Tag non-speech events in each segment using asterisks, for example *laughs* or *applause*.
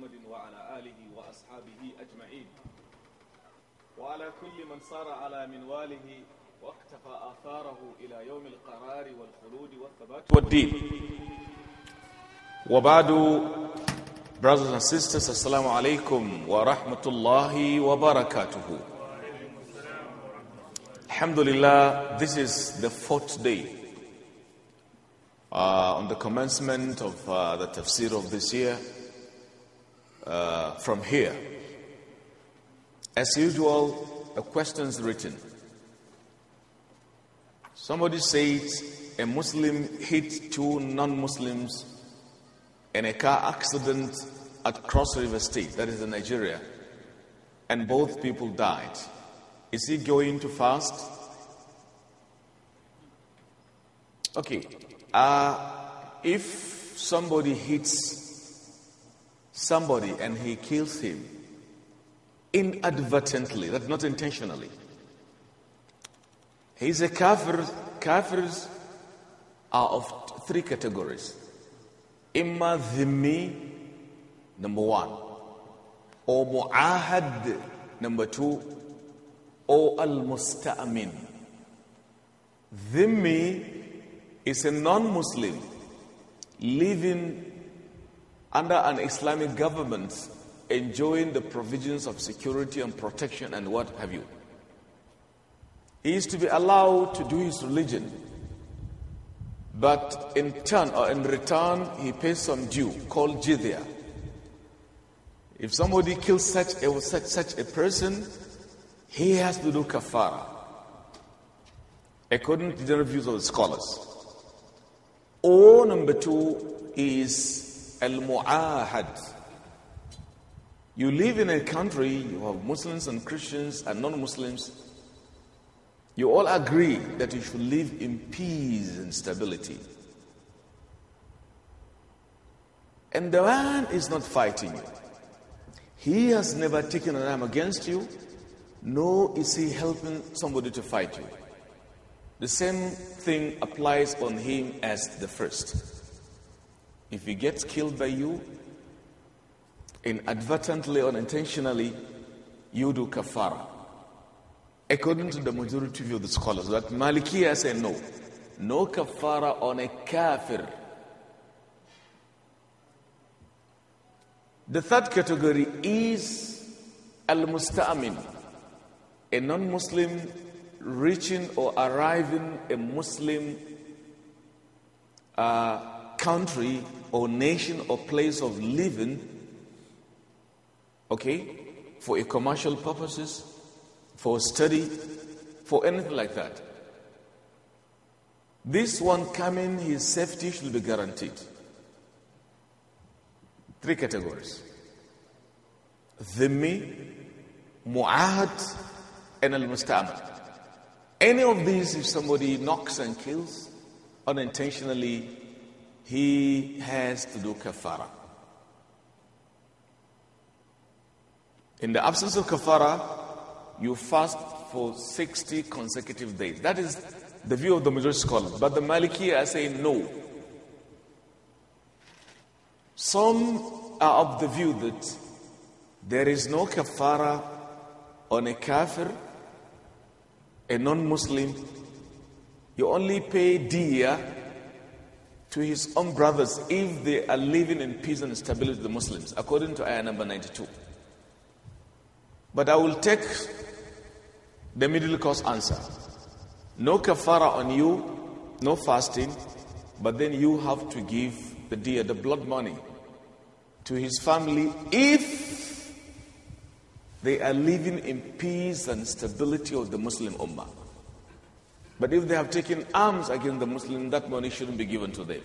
محمد وعلى آله وأصحابه أجمعين وعلى كل من صار على منواله واقتفى آثاره إلى يوم القرار والخلود والثبات والدين وبعد Brothers and sisters, Assalamu alaikum wa rahmatullahi wa barakatuhu. Alhamdulillah, this is the fourth day uh, on the commencement of uh, the tafsir of this year. uh, from here. As usual, a question is written. Somebody says a Muslim hit two non Muslims in a car accident at Cross River State, that is in Nigeria, and both people died. Is he going to fast? Okay. Uh, if somebody hits somebody and he kills him inadvertently, that's not intentionally. He's a kafir. Kafirs are of three categories. Imma dhimmi, number one. Or mu'ahad, number two. Or al-musta'amin. Dhimmi is a non-Muslim living under an Islamic government enjoying the provisions of security and protection and what have you. He is to be allowed to do his religion, but in turn or in return, he pays some due called jizya. If somebody kills such a, such, such a person, he has to do kafara, according to the views of the scholars. Or number two is Al Mu'ahad. You live in a country, you have Muslims and Christians and non Muslims. You all agree that you should live in peace and stability. And the man is not fighting you. He has never taken an arm against you, nor is he helping somebody to fight you. The same thing applies on him as the first. If he gets killed by you, inadvertently or intentionally, you do kafara. According to the majority view of the scholars, that Malikiya say no. No kafara on a kafir. The third category is al musta'min, a non Muslim reaching or arriving a Muslim. Uh, country or nation or place of living, okay, for a commercial purposes, for study, for anything like that. This one coming, his safety should be guaranteed. Three categories. Dhimmi, Mu'ahad, and al Any of these, if somebody knocks and kills unintentionally, he has to do kafara. In the absence of kafara, you fast for 60 consecutive days. That is the view of the majority scholars. But the Maliki are saying no. Some are of the view that there is no kafara on a kafir, a non Muslim. You only pay diya to his own brothers if they are living in peace and stability, the Muslims, according to ayah number 92. But I will take the middle course answer. No kafara on you, no fasting, but then you have to give the deer, the blood money, to his family if they are living in peace and stability of the Muslim Ummah. But if they have taken arms against the Muslim, that money shouldn't be given to them.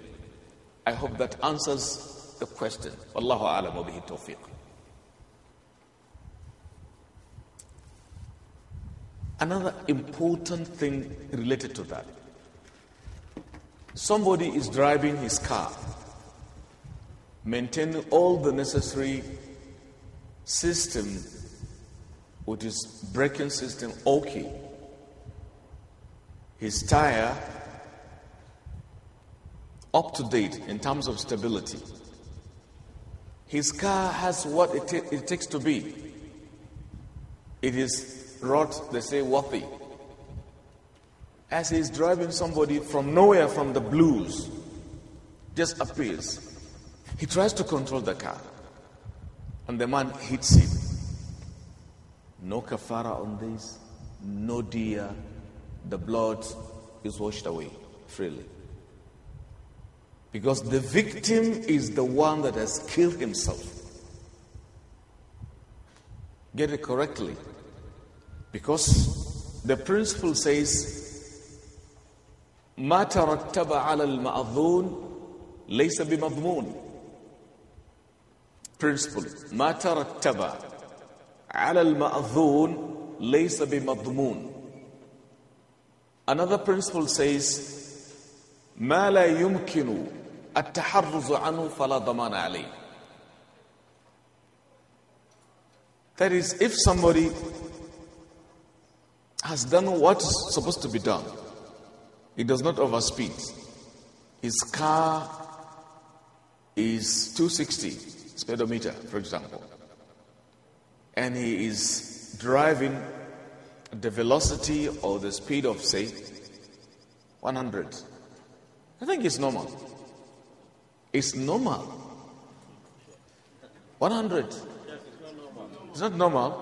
I hope that answers the question. Wallahu alam bihi tawfiq. Another important thing related to that. Somebody is driving his car, maintaining all the necessary system, which is braking system okay his tire up to date in terms of stability. His car has what it, it takes to be. It is wrought, they say, worthy. As he's driving somebody from nowhere, from the blues, just appears. He tries to control the car, and the man hits him. No kafara on this, no deer, the blood is washed away freely. Because the victim is the one that has killed himself. Get it correctly. Because the principle says, ما al على laysa ليس بمضمون principle ما ala al المأذون ليس بمضمون Another principle says, ما لا يمكن التحرز عنه فلا ضمان عليه. That is, if somebody has done what is supposed to be done, he does not overspeed. His car is 260 speedometer, for example, and he is driving the velocity or the speed of, say, 100. I think it's normal. It's normal. 100. It's not normal.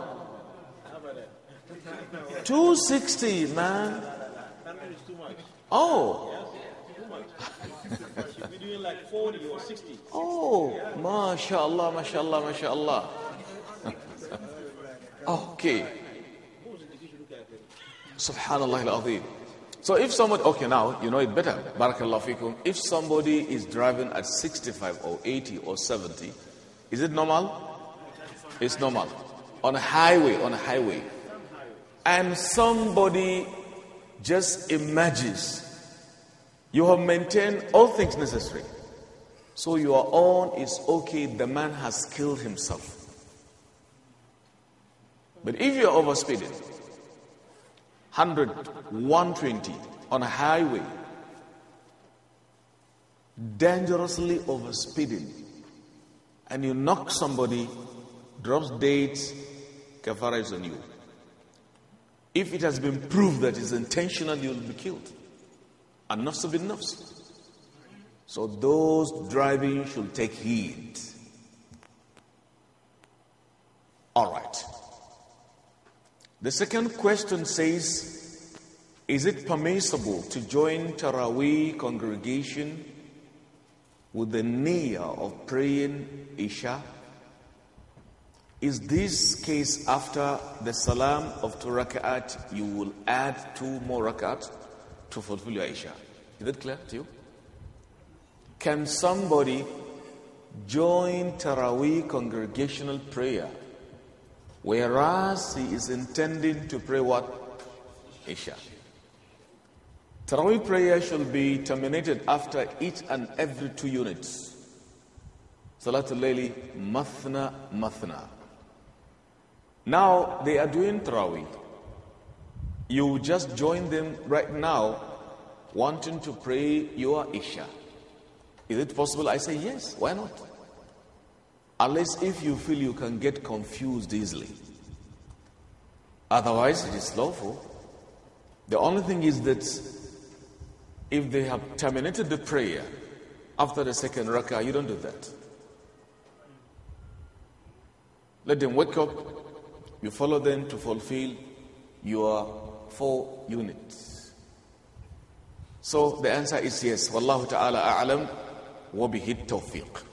260, man. Oh. We're doing like 40 ma 60. Oh, mashallah, mashallah, mashallah. *laughs* okay. Subhanallah al-Azim. So if somebody, okay, now you know it better. Barakallahu fikum. If somebody is driving at 65 or 80 or 70, is it normal? It's normal. On a highway, on a highway. And somebody just emerges. You have maintained all things necessary. So your own is okay, the man has killed himself. But if you are overspeeding, 100, 120 on a highway, dangerously overspeeding, and you knock somebody, drops dates, kafara is on you. If it has been proved that it's intentional, you'll be killed. Enough of enough So those driving should take heed. All right. The second question says Is it permissible to join Taraweeh congregation with the nia of praying Isha? Is this case after the salam of two rak'at, you will add two more rak'at to fulfill your Isha? Is that clear to you? Can somebody join Taraweeh congregational prayer Whereas he is intending to pray what? Isha. Tarawih prayer should be terminated after each and every two units. Salatul Layli, Mathna, Mathna. Now they are doing Tarawih. You just join them right now, wanting to pray your Isha. Is it possible? I say yes. Why not? Unless if you feel you can get confused easily. Otherwise, it is lawful. The only thing is that if they have terminated the prayer after the second rakah, you don't do that. Let them wake up. You follow them to fulfill your four units. So the answer is yes. Wallahu ta'ala a'lam wa bihi tawfiq.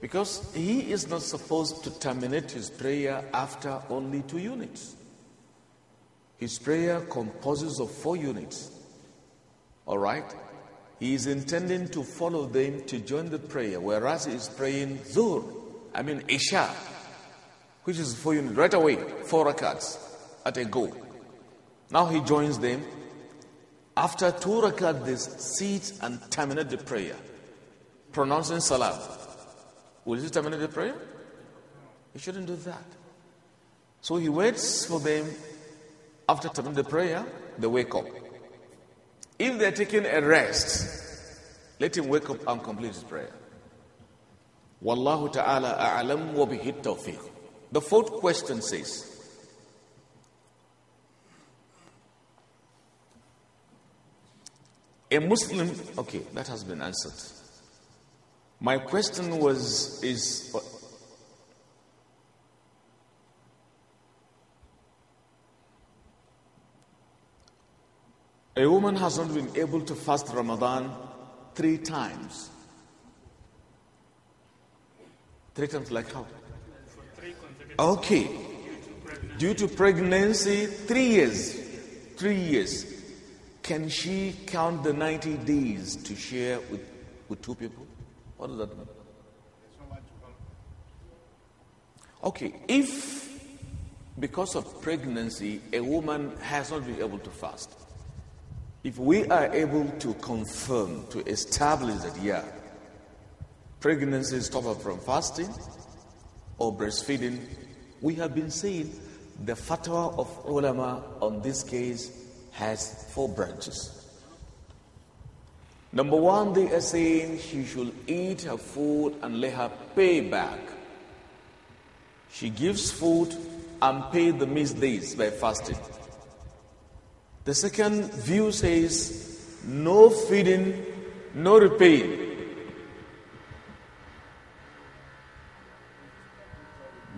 Because he is not supposed to terminate his prayer after only two units. His prayer composes of four units. All right? He is intending to follow them to join the prayer, whereas he is praying Dhuhr, I mean Isha, which is four units, right away, four rakats at a go. Now he joins them. After two rakats, they and terminate the prayer, pronouncing salam. Will you terminate the prayer? You shouldn't do that. So he waits for them. After terminating the prayer, they wake up. If they're taking a rest, let him wake up and complete his prayer. Wallahu ta'ala a'lam wa bihi tawfiq. The fourth question says, A Muslim, okay, that has been answered. My question was is uh, a woman has not been able to fast Ramadan three times. Three times like how? Okay. Due to pregnancy, three years. Three years. Can she count the 90 days to share with, with two people? What does that mean? Okay, if because of pregnancy a woman has not been able to fast, if we are able to confirm, to establish that, yeah, pregnancy stops her from fasting or breastfeeding, we have been saying the fatwa of ulama on this case has four branches. Number one, they are saying she should eat her food and let her pay back. She gives food and pay the missed days by fasting. The second view says no feeding, no repaying.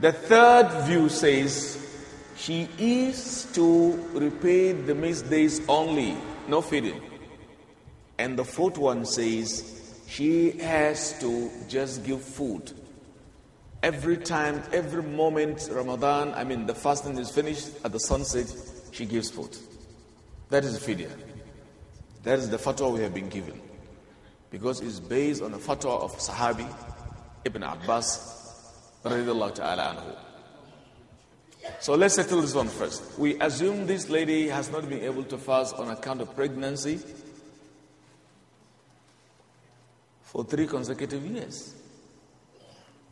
The third view says she is to repay the missed days only, no feeding. And the fourth one says she has to just give food. Every time, every moment, Ramadan, I mean, the fasting is finished at the sunset, she gives food. That is fidya. That is the fatwa we have been given. Because it's based on the fatwa of Sahabi Ibn Abbas. Ta'ala anhu. So let's settle this one first. We assume this lady has not been able to fast on account of pregnancy for three consecutive years.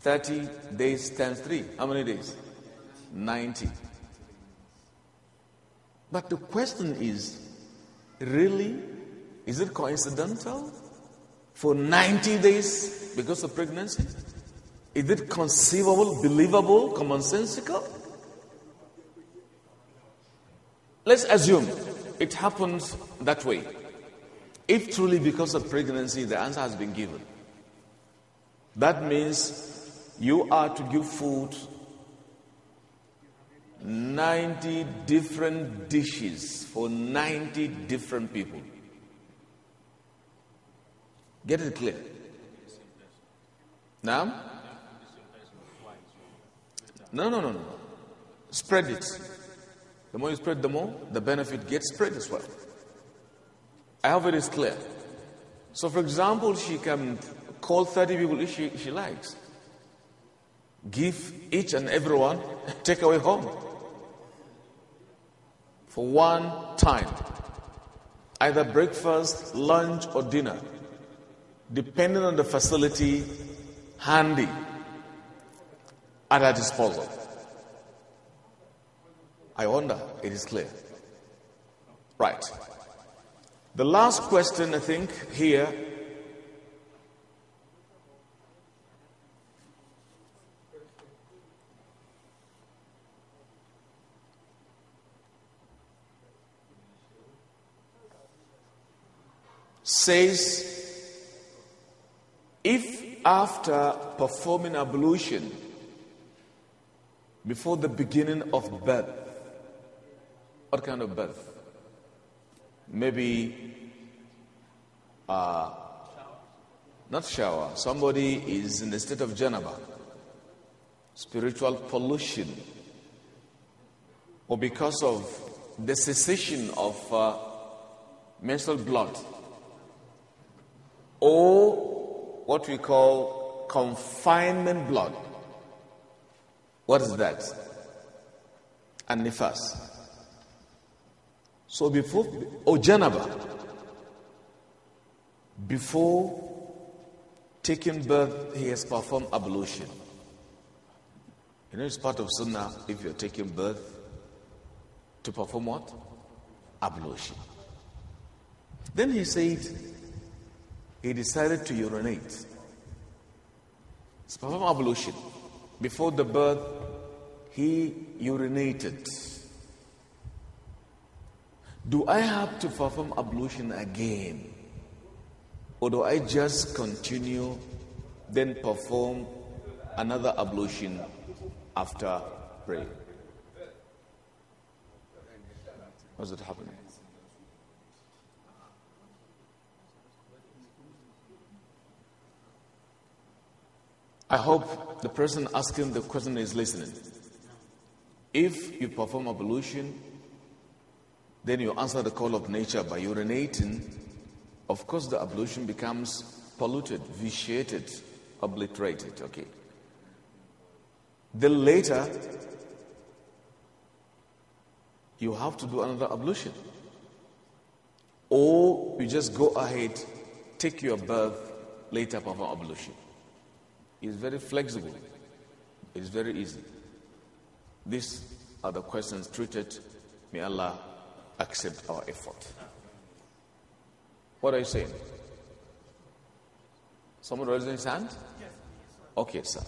30 days times 3. How many days? 90. But the question is really, is it coincidental? For 90 days because of pregnancy? Is it conceivable, believable, commonsensical? Let's assume it happens that way. If truly because of pregnancy, the answer has been given. That means you are to give food 90 different dishes for 90 different people. Get it clear? Now? No, no, no, no. Spread it. The more you spread, the more the benefit gets spread as well. I hope it is clear. So, for example, she can call 30 people if she, she likes. Give each and everyone take away home for one time, either breakfast, lunch, or dinner, depending on the facility handy at her disposal. I wonder, it is clear. Right. The last question, I think, here says if after performing ablution before the beginning of birth, what kind of birth? maybe uh, not shower, somebody is in the state of janaba, spiritual pollution, or because of the cessation of uh, menstrual blood, or what we call confinement blood. What is that? And nifas. So before, or oh, Janaba, before taking birth, he has performed ablution. You know, it's part of Sunnah if you're taking birth to perform what? Ablution. Then he said he decided to urinate. It's perform ablution. Before the birth, he urinated. Do I have to perform ablution again? Or do I just continue, then perform another ablution after prayer? What's it happening? I hope the person asking the question is listening. If you perform ablution then you answer the call of nature by urinating, of course the ablution becomes polluted, vitiated, obliterated. Okay. Then later, you have to do another ablution. Or you just go ahead, take your bath, later perform ablution. It's very flexible, it's very easy. These are the questions treated. May Allah accept our effort. What are you saying? Someone raised his hand? Okay, sir.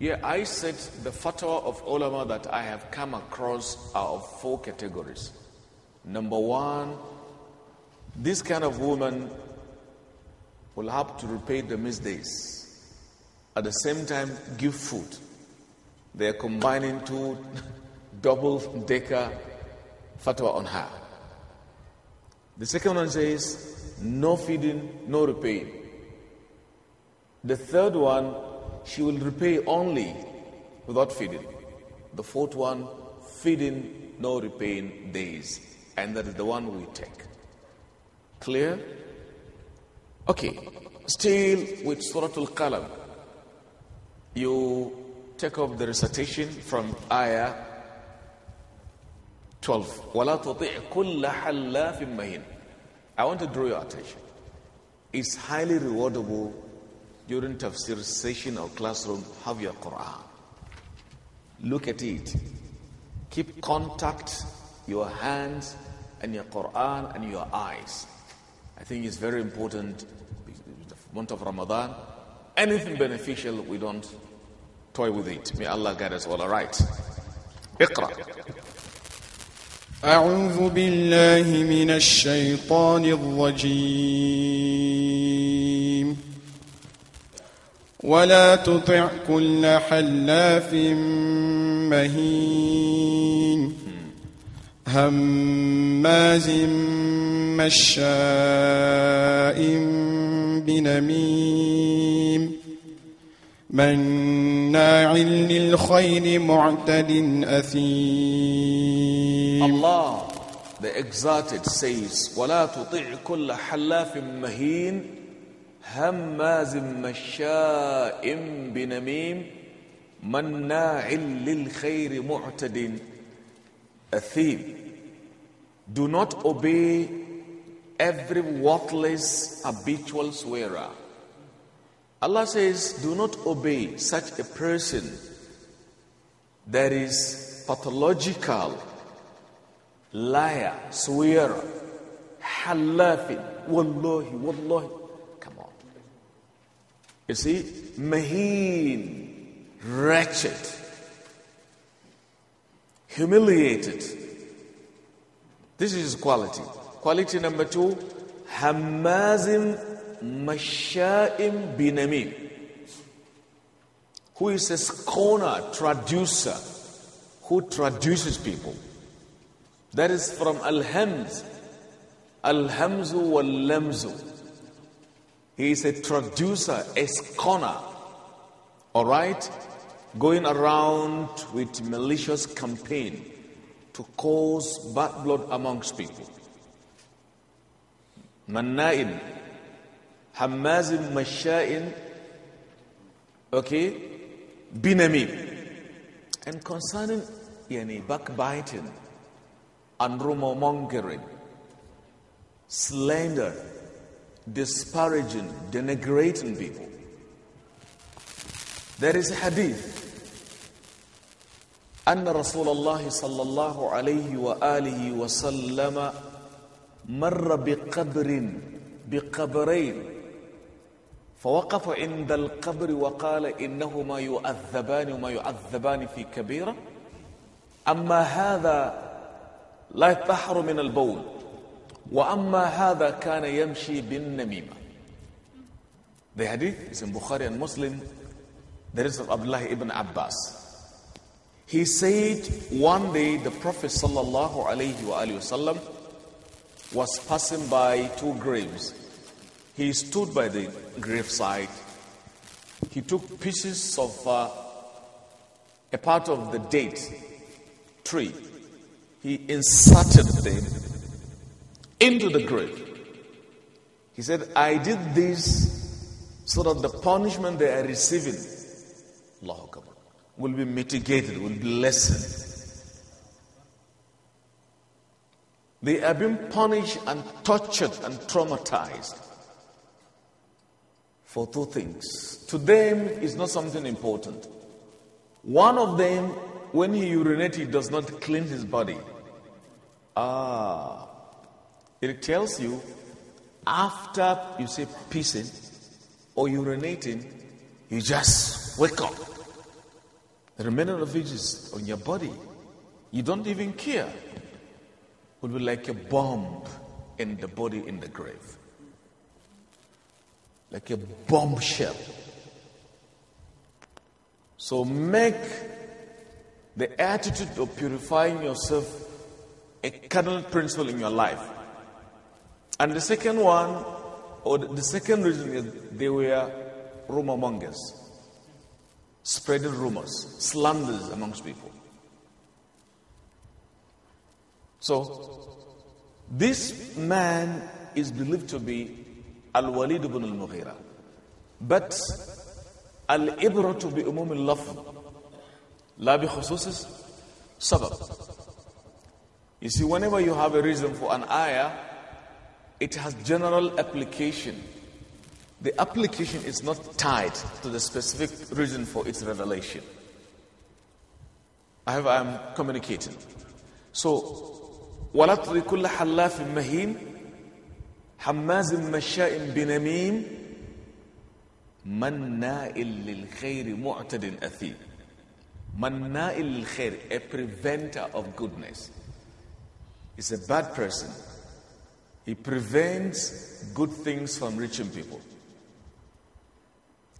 Yeah, I said the fatwa of ulama that I have come across are of four categories. Number one, this kind of woman will have to repay the misdeeds. At the same time, give food. They are combining two *laughs* double decker fatwa on her. The second one says, no feeding, no repaying. The third one, she will repay only without feeding. The fourth one, feeding, no repaying days and that is the one we take. Clear? Okay, still with Suratul Al Qalam, you take up the recitation from Ayah 12. وَلَا تُطِعْ كُلَّ حَلَّافٍ مَّهِينٍ I want to draw your attention. It's highly rewardable during tafsir session or classroom. Have your Quran. Look at it. Keep contact your hands and your Quran and your eyes. I think it's very important, the month of Ramadan, anything beneficial, we don't toy with it. May Allah guide us all alright. اقرأ أعوذ بالله من الشيطان الرجيم ولا تطع كل حلاف مهين هماز مشاء بنميم مناع للخير معتد أثيم الله The Exalted says ولا تطع كل حلاف مهين هماز مشاء بنميم مناع للخير معتد a thief. Do not obey every worthless habitual swearer. Allah says, Do not obey such a person that is pathological, liar, swearer, halafin, wallahi, wallahi. Come on. You see, maheen, wretched humiliated. This is quality. Quality number two, Hamazim Masha'im Binamim. Who is a scorner, traducer, who traduces people. That is from Al-Hamz. Al-Hamzu wal-Lamzu. He is a traducer, a scorner. All right? going around with malicious campaign to cause bad blood amongst people. Manna'in, Hamazin Masha'in, okay, Binami. And concerning yani, backbiting and rumor mongering, slander, disparaging, denigrating people. There is a hadith أن رسول الله صلى الله عليه وآله وسلم مر بقبر بقبرين فوقف عند القبر وقال إنهما يؤذبان وما يعذبان في كبيرة أما هذا لا يتحر من البول وأما هذا كان يمشي بالنميمة The hadith is in Bukhari and Muslim. There is of Abdullah ibn Abbas. He said one day the Prophet وسلم, was passing by two graves. He stood by the graveside. He took pieces of uh, a part of the date tree. He inserted them into the grave. He said, I did this so that the punishment they are receiving, Allahu Akbar will be mitigated, will be lessened. They have been punished and tortured and traumatized for two things. To them, is not something important. One of them, when he urinates, he does not clean his body. Ah, it tells you after you say pissing or urinating, you just wake up the remainder of it is on your body. You don't even care. It will be like a bomb in the body in the grave. Like a bombshell. So make the attitude of purifying yourself a cardinal principle in your life. And the second one, or the second reason is they were Roma mongers spreading rumors, slanders amongst people. So, this man is believed to be Al Walid ibn al Mughira. But Al Ibra to be Umum al laf La bi khususis, sabab. You see, whenever you have a reason for an ayah, it has general application the application is not tied to the specific reason for its revelation. I have, I'm communicating. So, وَلَطْرِ كُلَّ حَلَّافٍ مَهِيمٍ حَمَّازٍ مَشَّاءٍ بِنَمِيمٍ مَنَّاءٍ لِلْخَيْرِ مُعْتَدٍ أَثِيمٍ مَنَّاءٍ لِلْخَيْرِ A preventer of goodness. Is a bad person. He prevents good things from reaching people.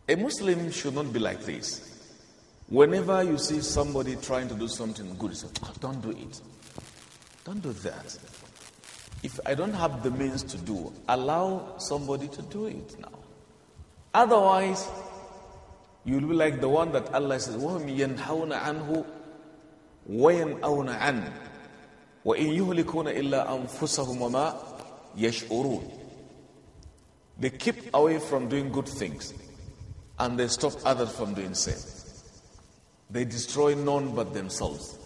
A Muslim should not be like this. Whenever you see somebody trying to do something good, you say, oh, don't do it. Don't do that. If I don't have the means to do, allow somebody to do it now. Otherwise, you'll be like the one that Allah says, وَهُمْ يَنْحَوْنَ عَنْهُ وَيَنْأَوْنَ عَنْهُ وَإِنْ يُهْلِكُونَ إِلَّا أَنفُسَهُمْ وَمَا يَشْعُرُونَ They keep away from doing good things and they stop others from doing same. They destroy none but themselves,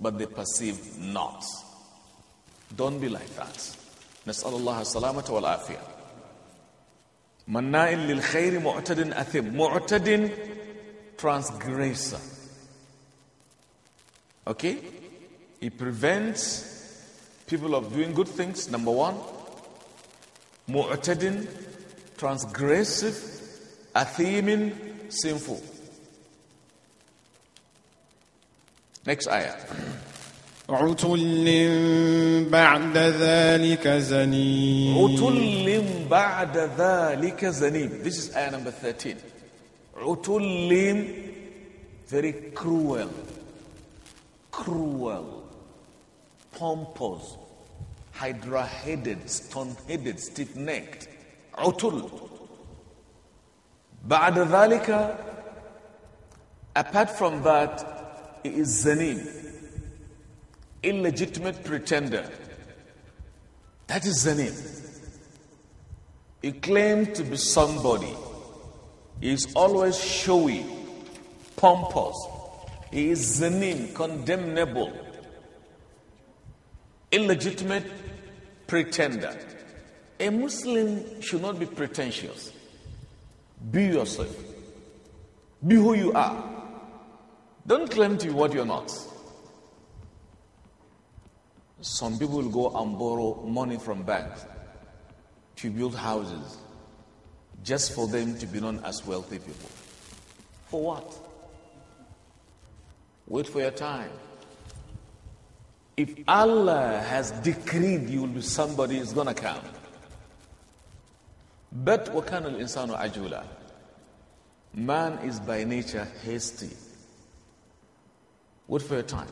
but they perceive not. Don't be like that. نسأل الله السلامة والعافية. مناء للخير معتد أثم معتد transgressor. Okay? He prevents people of doing good things, number one. Mu'tadin, transgressive, athimin sinful next ayah عتل بعد ذلك زنيم عتل بعد ذلك زنيم This is ayah number 13 عتل very cruel cruel pompous hydra-headed stone-headed stiff-necked عتل بعد ذلك, apart from that, he is Zanim, illegitimate pretender. That is Zanim. He claims to be somebody. He is always showy, pompous. He is Zanim, condemnable, illegitimate pretender. A Muslim should not be pretentious. Be yourself. Be who you are. Don't claim to be what you're not. Some people will go and borrow money from banks to build houses just for them to be known as wealthy people. For what? Wait for your time. If Allah has decreed you will be somebody, it's going to come. But وَكَانَ الْإِنسَانُ عَجُولًا Man is by nature hasty. Wait for your time.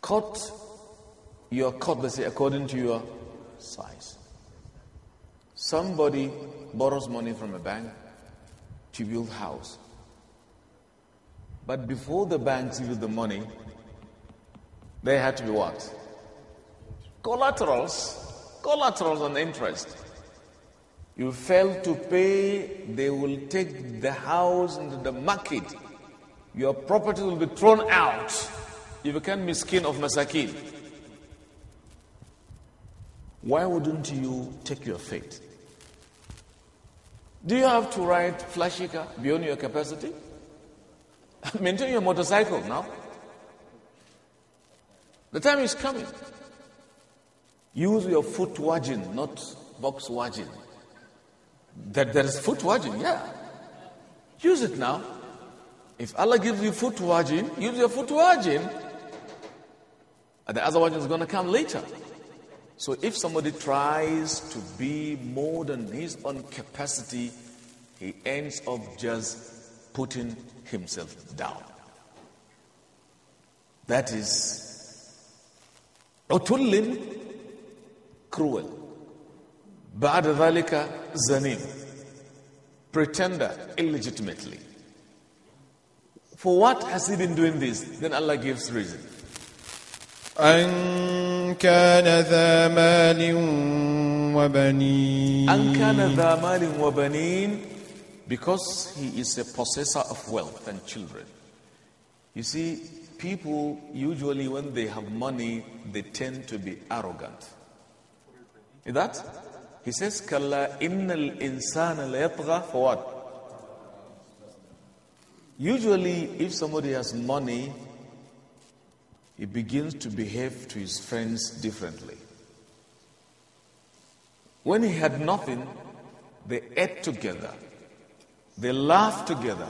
Cut your cut, let's say, according to your size. Somebody borrows money from a bank to build house. But before the banks give the money, they had to be what? Collaterals, collaterals and interest. You fail to pay, they will take the house into the market. Your property will be thrown out. You become miskin of masakin. Why wouldn't you take your fate? Do you have to ride flashy car beyond your capacity? *laughs* Maintain your motorcycle now. The time is coming. Use your foot wajin, not box wajin. That there is foot wajin, yeah. Use it now. If Allah gives you foot wajin, use your foot wajin. the other wajin is going to come later. So if somebody tries to be more than his own capacity, he ends up just putting himself down. That is utullin cruel بعد ذلك زنين pretender illegitimately for what has he been doing this then Allah gives reason أن كان ذا مال وبنين أن كان ذا مال وبنين because he is a possessor of wealth and children you see people usually when they have money they tend to be arrogant is that? He says, Kalla innal insana layatgha for what? Usually, if somebody has money, he begins to behave to his friends differently. When he had nothing, they ate together, they laughed together,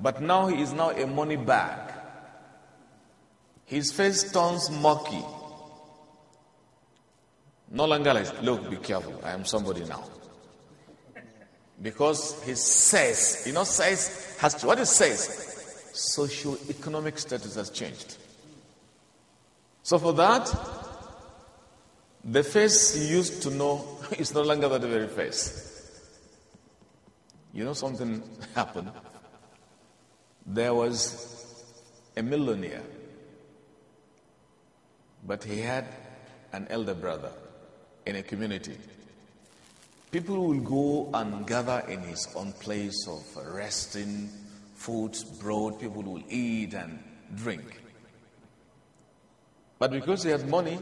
but now he is now a money bag. His face turns murky. No longer like, look, be careful. I am somebody now. Because he says, you know, says has what it says, socio-economic status has changed. So for that, the face he used to know *laughs* is no longer that very face. You know something *laughs* happened. There was a millionaire, but he had an elder brother in a community, people will go and gather in his own place of resting, food, bread, people will eat and drink. But because he has money,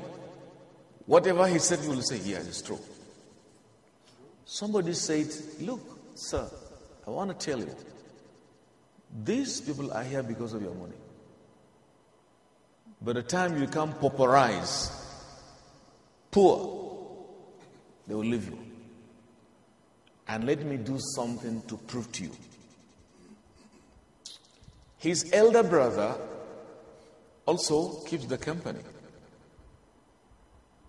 whatever he said, he will say, he it's true. Somebody said, Look, sir, I want to tell you, these people are here because of your money. By the time you come pauperize, poor, they will leave you. And let me do something to prove to you. His elder brother also keeps the company.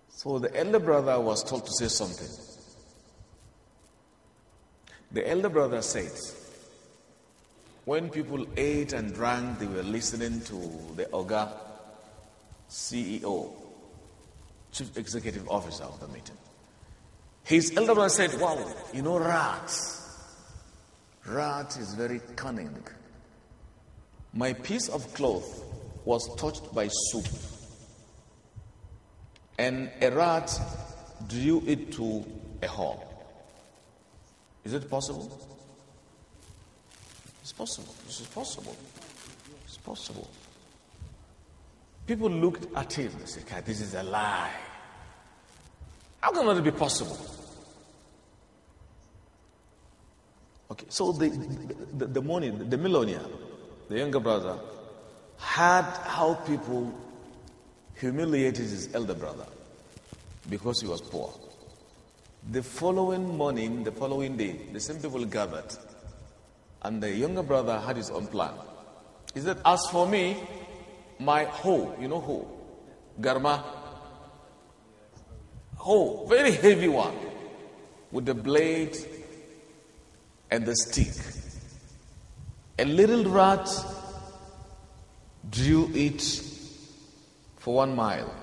So the elder brother was told to say something. The elder brother said, when people ate and drank, they were listening to the Oga CEO, Chief Executive Officer of the meeting. His elder brother said, Wow, you know, rats. Rat is very cunning. My piece of cloth was touched by soup, and a rat drew it to a hole. Is it possible? It's possible. This is possible. It's possible. People looked at him and said, This is a lie. How can that be possible? Okay, so the, the, the money, the millionaire, the younger brother, had how people humiliated his elder brother because he was poor. The following morning, the following day, the same people gathered, and the younger brother had his own plan. He said, As for me, my hoe, you know who? Garma, Oh, very heavy one with the blade and the stick. A little rat drew it for one mile.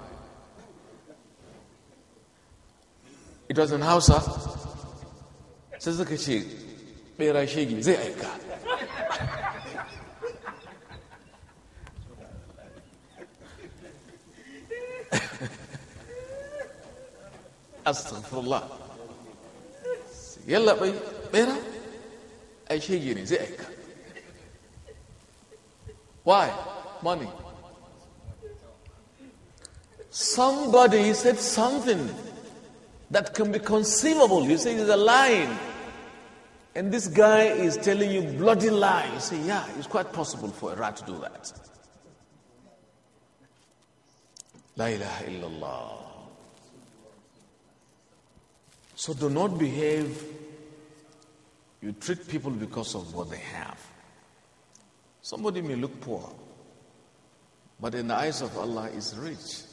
It was in Hausa. Sai suka astaqfirullah yalla bai bera ai shege ne zai aika why money somebody said something that can be conceivable you say it's a lie, and this guy is telling you bloody lie you say yeah it's quite possible for a rat to do that la ilaha illallah so do not behave. You treat people because of what they have. Somebody may look poor, but in the eyes of Allah is rich.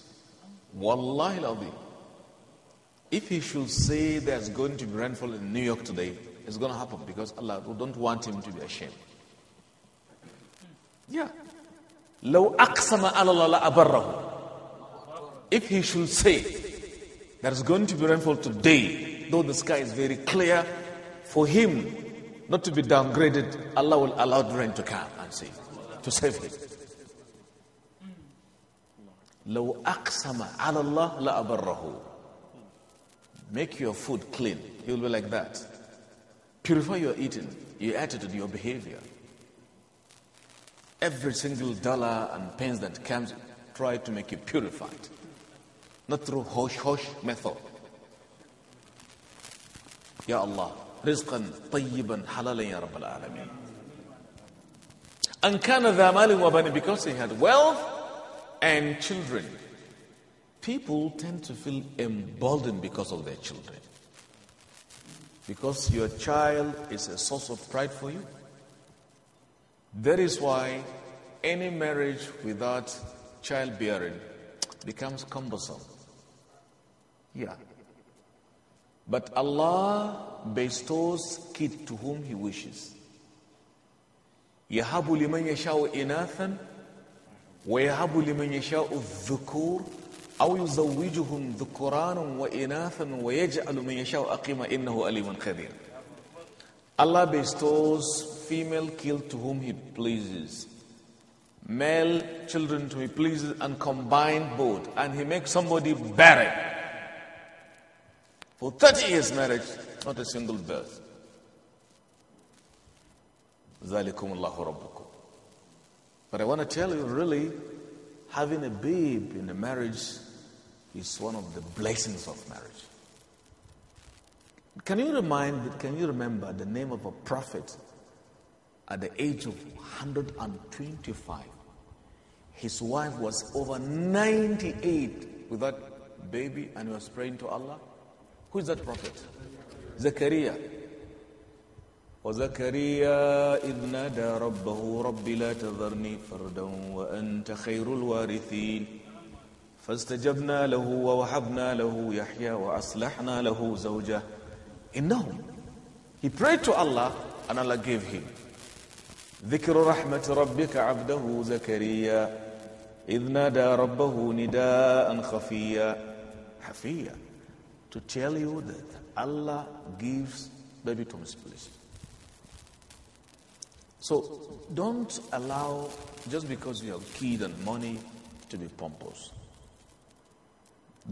Wallahi ladhi. If he should say there's going to be rainfall in New York today, it's going to happen because Allah don't want him to be ashamed. Yeah. If he should say there's going to be rainfall today, though the sky is very clear, for him not to be downgraded, Allah will allow rain to come and save, to save him. لو أقسم على الله لأبره Make your food clean. He will be like that. Purify your eating, your attitude, your behavior. Every single dollar and pence that comes, try to make it purified. Not through hush hush method. Ya Allah, rizqan tayyiban halalan ya Rabbil Alameen. And because he had wealth and children. People tend to feel emboldened because of their children. Because your child is a source of pride for you. That is why any marriage without childbearing becomes cumbersome. Yeah. But Allah bestows kid to whom He wishes. يهب لمن يشاء إناثا ويهب لمن يشاء الذكور أو يزوجهم ذكرانا وإناثا ويجعل من يشاء أقيما إنه أليم خبير Allah bestows female kid to whom He pleases male children to He pleases and combine both and He makes somebody barren for 30 years marriage, not a single birth. But I want to tell you really, having a babe in a marriage is one of the blessings of marriage. Can you remind, can you remember the name of a prophet at the age of 125? His wife was over 98 with that baby and he was praying to Allah. Who is that prophet? Zakaria. وزكريا إذ نادى ربه رب لا تذرني فردا وأنت خير الوارثين فاستجبنا له وَوَحَبْنَا له يحيى وأصلحنا له زوجه إنهم He prayed to Allah and Allah gave him ذكر رحمة ربك عبده زكريا إذ نادى ربه نداء خفيا حفيا to tell you that Allah gives baby to place. So don't allow just because you have kid and money to be pompous.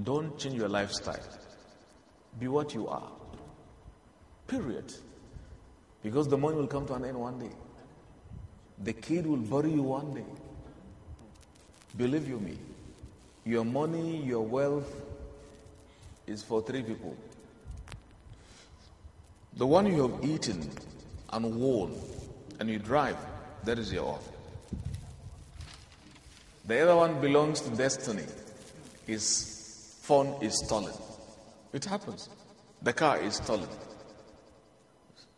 Don't change your lifestyle. Be what you are. Period. Because the money will come to an end one day. The kid will bury you one day. Believe you me. Your money, your wealth, is for three people. The one you have eaten and worn and you drive, that is your offer. The other one belongs to destiny. His phone is stolen. It happens. The car is stolen.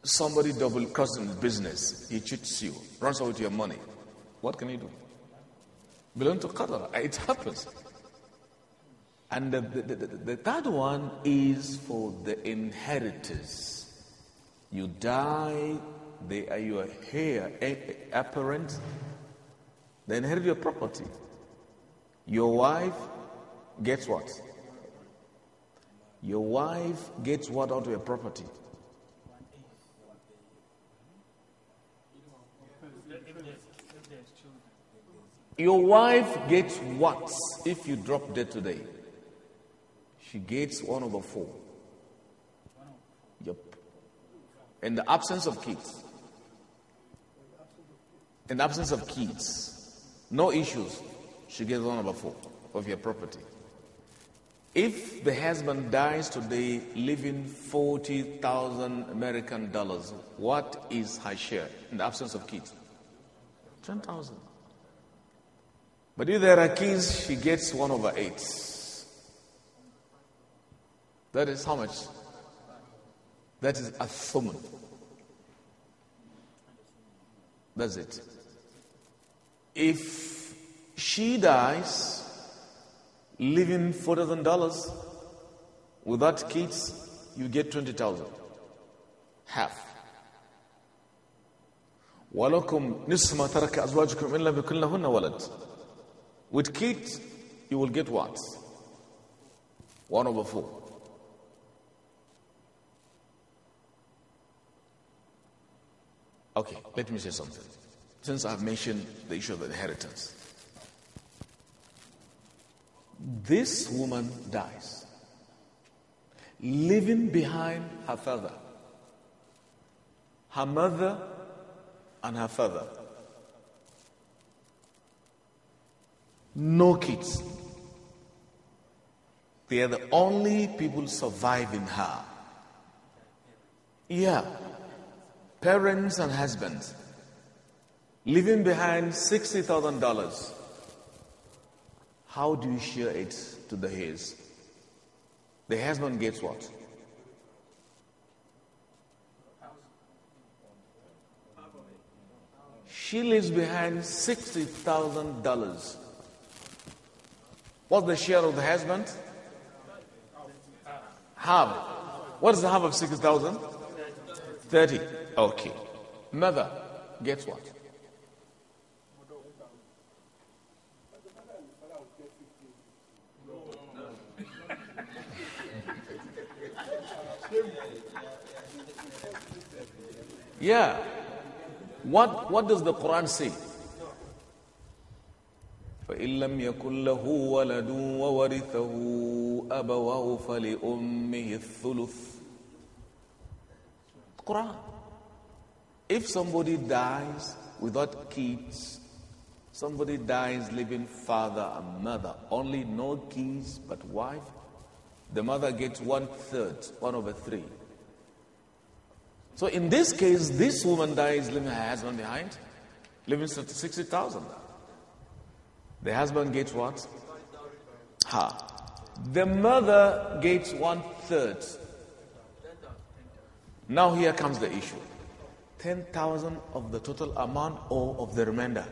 Somebody double crosses in business. He cheats you, runs away with your money. What can you do? Belong to Qadar. It happens. And the, the, the, the, third one is for the inheritors. You die, they are uh, your heir, apparent, they inherit your property. Your wife gets what? Your wife gets what out of your property? Your wife gets what if you drop dead today? she gets one over four. Yep. In the absence of kids. In the absence of kids, no issues, she gets one over four of your property. If the husband dies today leaving 40,000 American dollars, what is her share in the absence of kids? 10,000. But if there are kids, she gets one over eight. That is how much? That is a thumun. That's it. If she dies, leaving $4,000 without kids, you get 20,000. Half. ولكم نصف ما ترك أزواجكم إلا بكن لهن ولد. With kids, you will get what? One over four. Okay, let me say something. Since I've mentioned the issue of inheritance, this woman dies, leaving behind her father, her mother, and her father. No kids. They are the only people surviving her. Yeah. Parents and husbands leaving behind $60,000. How do you share it to the heirs? The husband gets what? She leaves behind $60,000. What's the share of the husband? Half. What is the half of sixty 30. Okay. Mother gets what? yeah. What, what does the Quran say? فإن لم يكن له ولد وورثه أبواه فلأمه الثلث القرآن if somebody dies without kids, somebody dies leaving father and mother, only no kids but wife, the mother gets one third, one over three. So in this case, this woman dies leaving her husband behind, leaving 60,000. The husband gets what? Ha. The mother gets one third. Now here comes the issue. 10,000 of the total amount or of the remainder?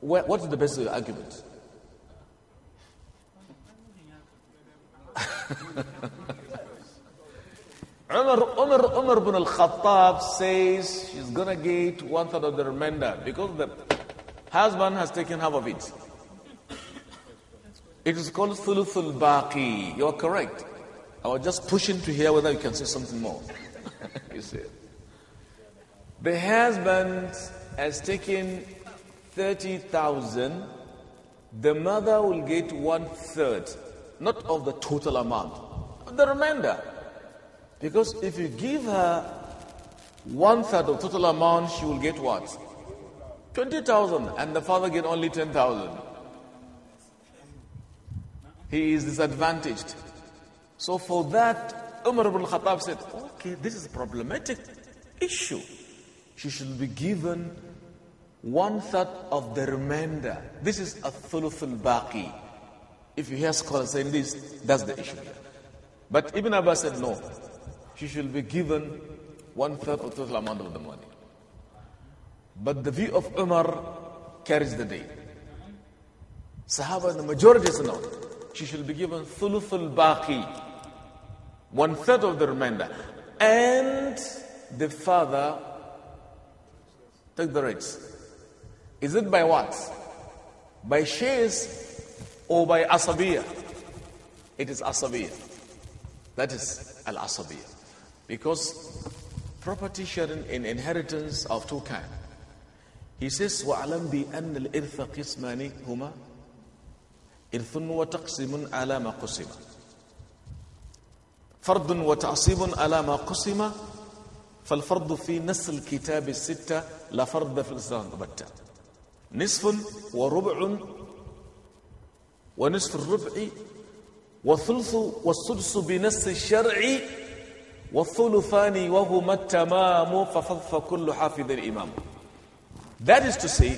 what is the best argument? *laughs* Umar, Umar, Umar ibn al-Khattab says she's going to get one third of the remainder because the husband has taken half of it. It is called thuluthul baqi. You are correct. I was just pushing to hear whether you can say something more. *laughs* you see. The husband has taken 30,000, the mother will get one third, not of the total amount, the remainder. Because if you give her one third of total amount, she will get what? 20,000, and the father get only 10,000. He is disadvantaged. So for that, Umar ibn Khattab said, okay, this is a problematic issue she should be given one third of the remainder. This is a thuluthul baqi. If you hear scholars saying this, that's the issue. But Ibn Abbas said no. She should be given one third of the total amount of the money. But the view of Umar carries the day. Sahaba, the majority is no. She should be given thuluthul baqi, one third of the remainder. And the father Take the rights. Is it by what? By shares or by asabiya? It is asabiya. That is al asabiya. Because property sharing in inheritance of two kinds. He says, وَعَلَمْ بِأَنَّ الْإِرْثَ قِسْمَانِ هُمَا إِرْثٌ وَتَقْسِمٌ عَلَى مَا قُسِمَ فرض وتعصيب على ما قسم فالفرض في نص الكتاب الستة لا فرض في الإسلام البتة نصف وربع ونصف الربع وثلث والسدس بنص الشرع والثلثان وهما التمام ففضف كل حافظ الإمام That is to say,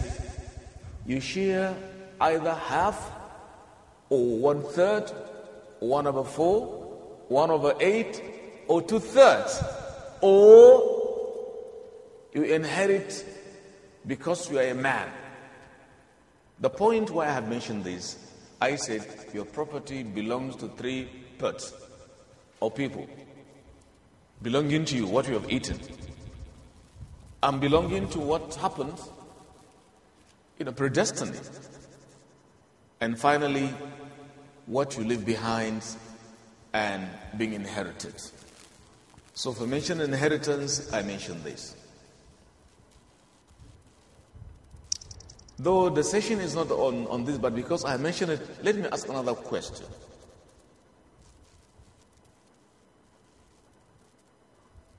you share either half or one third, one over four, one over eight, or two thirds, or You inherit because you are a man. The point why I have mentioned this, I said your property belongs to three parts or people belonging to you, what you have eaten, and belonging to what happened, you know, predestined, and finally, what you leave behind and being inherited. So, for mention inheritance, I mentioned this. Though the session is not on, on this, but because I mentioned it, let me ask another question.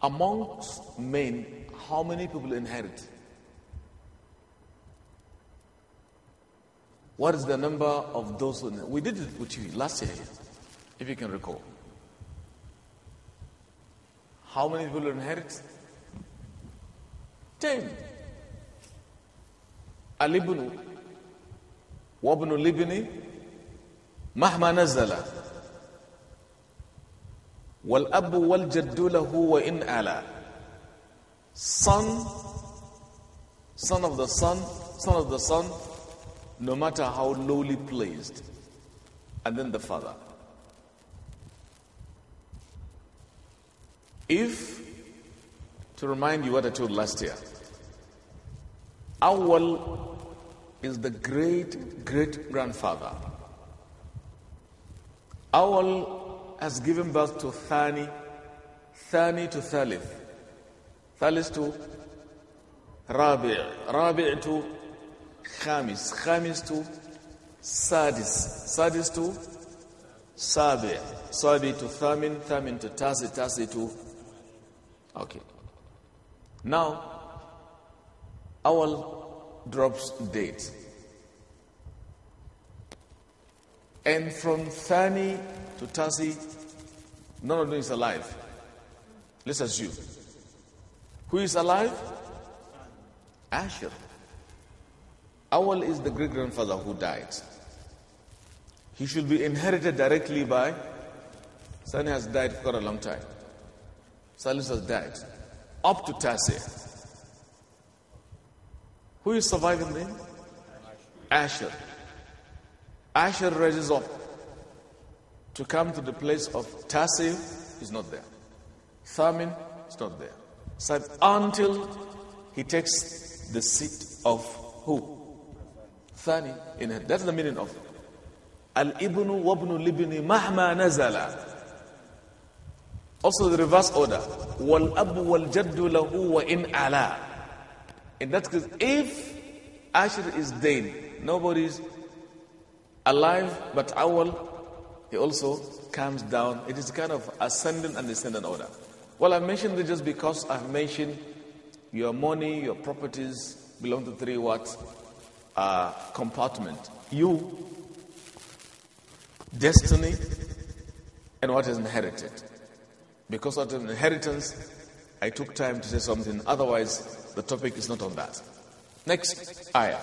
Amongst men, how many people inherit? What is the number of those who We did it with you last year, if you can recall. How many people inherit? Ten. الابن وابن الابن مهما نزل والأب والجد له وإن ألا son son of the son son of the son no matter how lowly placed and then the father if to remind you what I told last year Awal is the great great grandfather. Awal has given birth to Thani, Thani to Thalith, Thalith to Rabi, Rabi to Khamis, Khamis to Sadis, Sadis to Sabi, Sabi to Thamin, Thamin to Tasi, Tasi to. Okay. Now, Awal drops dead, And from Thani to Tasi, none of them is alive. Let's assume. Who is alive? Asher. Awal is the great grandfather who died. He should be inherited directly by. Sani has died for a long time. Salus has died. Up to Tasir. Who is surviving then? Asher. Asher raises up to come to the place of Tassil He's not there. Thamin is not there. So until he takes the seat of who? Thani in it. That's the meaning of Al ibnu wabnu libni mahma nazala. Also the reverse order. Wal abu wal jaddu lahu wa in ala. In that case, if Ashir is dead, nobody's alive but Awal, he also comes down. It is kind of ascendant and descendant order. Well, I mentioned this just because I've mentioned your money, your properties belong to three what? Uh, compartment. You, destiny, and what is inherited. Because of inheritance, I took time to say something. Otherwise, the topic is not on that. Next ayah.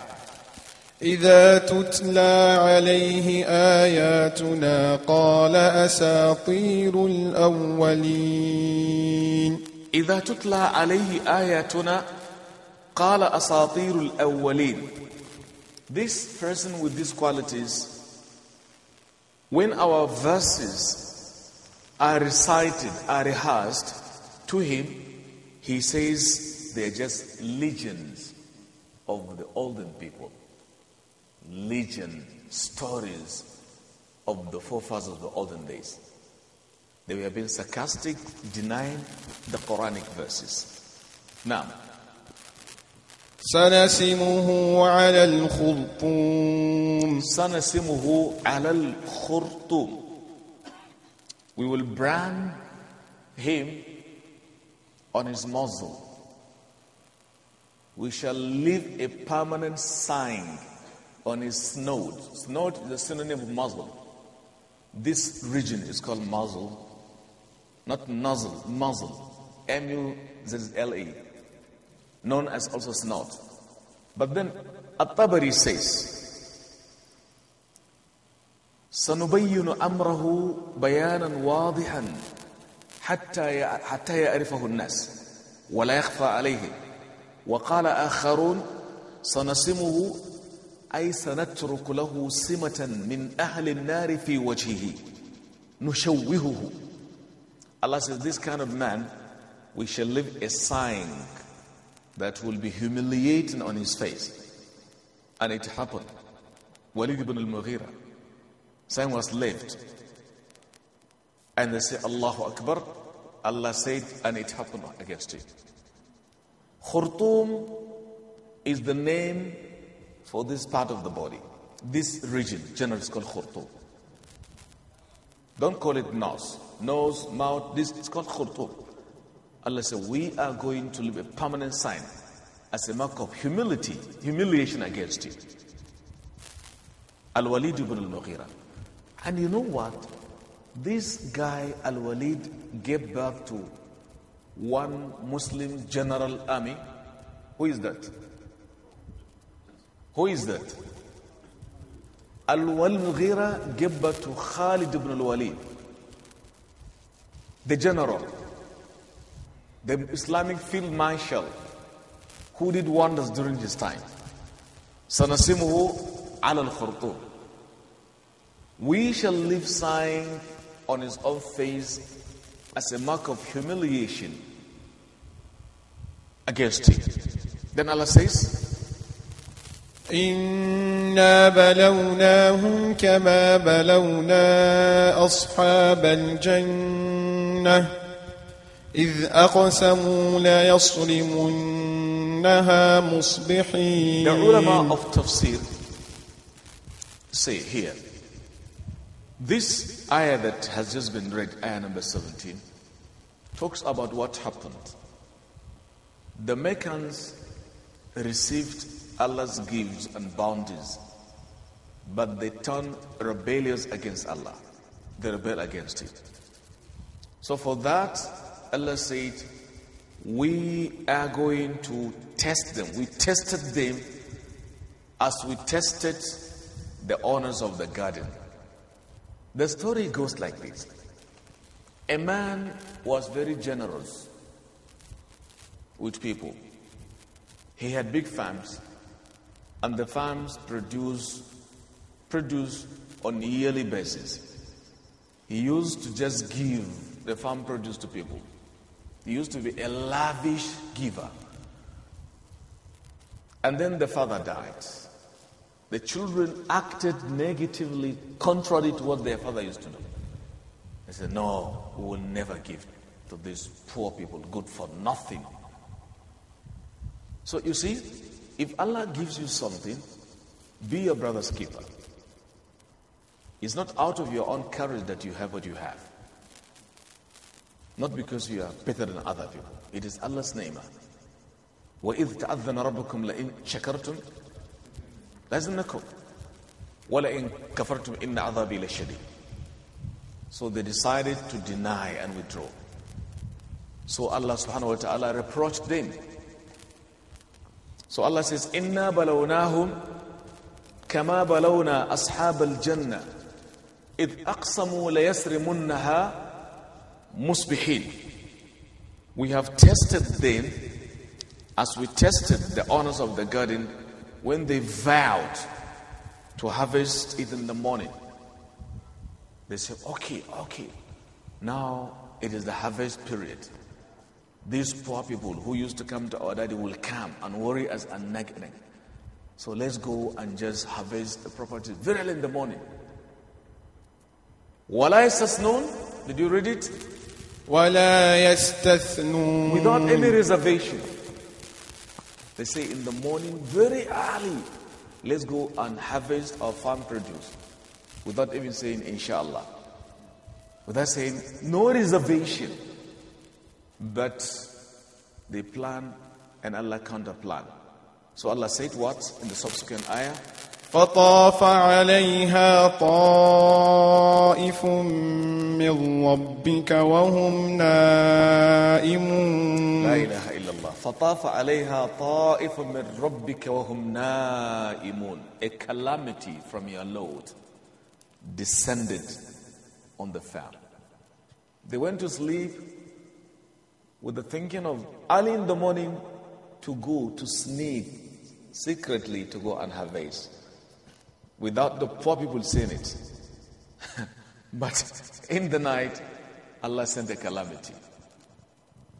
إذا تتلى عليه آياتنا قال أساطير الأولين إذا تتلى عليه آياتنا قال أساطير الأولين This person with these qualities when our verses are recited, are rehearsed to him, he says, they're just legends of the olden people, legend stories of the forefathers of the olden days. They have been sarcastic, denying the Quranic verses. Now, سنسمه على الخرطوم سنسمه على الخرطوم We will brand him on his muzzle we shall leave a permanent sign on his snout. Snout is the synonym of muzzle. This region is called muzzle, not nozzle, muzzle. M U Z L E, known as also snout. But then At-Tabari says, سنبين أمره بيانا واضحا حتى حتى يعرفه الناس ولا يخفى عليهم وقال آخرون سنسمه أي سنترك له سمة من أهل النار في وجهه نشوهه Allah says this kind of man we shall leave a sign that will be humiliating on his face and it happened Walid ibn al-Mughira sign was left and they say Allahu Akbar Allah said and it happened against him Khurtum is the name for this part of the body. This region, generally, is called Khurtum. Don't call it nose. Nose, mouth, this is called Khurtum. Allah said, We are going to leave a permanent sign as a mark of humility, humiliation against you. Al Walid ibn al Mughira. And you know what? This guy, Al Walid, gave birth to one Muslim general army. Who is that? Who is that? Al-Wal-Mughira gave birth to Khalid ibn al-Walid, the general, the Islamic field marshal, who did wonders during his time. Sanasimuhu al-Khurtum. We shall leave sign on his own face as a mark of humiliation against it. Then Allah says, إنا بلوناهم كما بلونا أصحاب الجنة إذ أقسموا ليصرمنها مصبحين The ulama of tafsir say here This ayah that has just been read, ayah number 17, talks about what happened the Meccans received Allah's gifts and bounties, but they turned rebellious against Allah. They rebelled against Him. So for that, Allah said, We are going to test them. We tested them as we tested the owners of the garden. The story goes like this A man was very generous with people. He had big farms, and the farms produce produce on a yearly basis. He used to just give the farm produce to people. He used to be a lavish giver. And then the father died. The children acted negatively, contrary to what their father used to do. They said, No, we will never give to these poor people, good for nothing. So you see, if Allah gives you something, be your brother's keeper. It's not out of your own courage that you have what you have. Not because you are better than other people. It is Allah's name. وَإِذْ تَأَذَّنَ رَبُّكُمْ لَإِن شَكَرْتُمْ لَزِنَّكُمْ وَلَإِن كَفَرْتُمْ إِنَّ عَذَابِي لَشَدِيدٌ So they decided to deny and withdraw. So Allah subhanahu wa ta'ala reproached them so Allah says, Inna balawnahum kama balawna ashab al-jannah Id أقسموا ليسرمنها مصبحين We have tested them as we tested the owners of the garden when they vowed to harvest it in the morning. They said, okay, okay, now it is the harvest period. These poor people who used to come to our daddy will come and worry us and nag nag. So let's go and just harvest the property very early in the morning. وَلَا يَسْتَثْنُونَ Did you read it? وَلَا يَسْتَثْنُونَ Without any reservation. They say in the morning, very early, let's go and harvest our farm produce. Without even saying, inshallah. Without saying, no reservation. But they plan and Allah counterplan. So Allah said what in the subsequent ayah? فطاف عليها طائف من ربك وهم نائمون لا إله إلا الله فطاف عليها طائف من ربك وهم نائمون A calamity from your Lord descended on the fam. They went to sleep with the thinking of early in the morning to go, to sneak secretly to go and harvest without the poor people seeing it. *laughs* but in the night, Allah sent a calamity.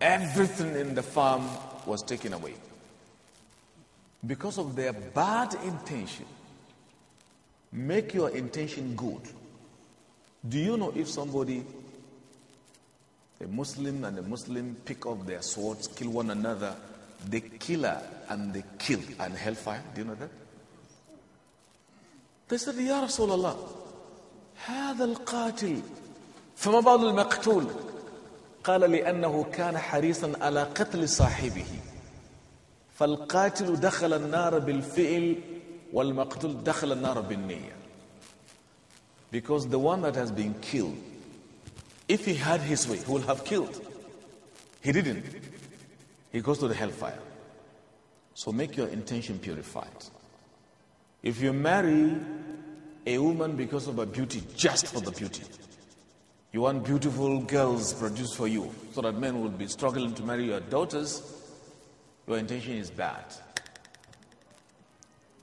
Everything in the farm was taken away because of their bad intention. Make your intention good. Do you know if somebody a Muslim and a Muslim pick up their swords, kill one another. The killer and the killed and hellfire. Do you know that? They said, Ya Rasulullah, هذا القاتل فما بال المقتول قال لأنه كان حريصا على قتل صاحبه فالقاتل دخل النار بالفعل والمقتول دخل النار بالنية because the one that has been killed if he had his way, he would have killed. He didn't. He goes to the hellfire. So make your intention purified. If you marry a woman because of her beauty, just for the beauty, you want beautiful girls produced for you so that men will be struggling to marry your daughters, your intention is bad.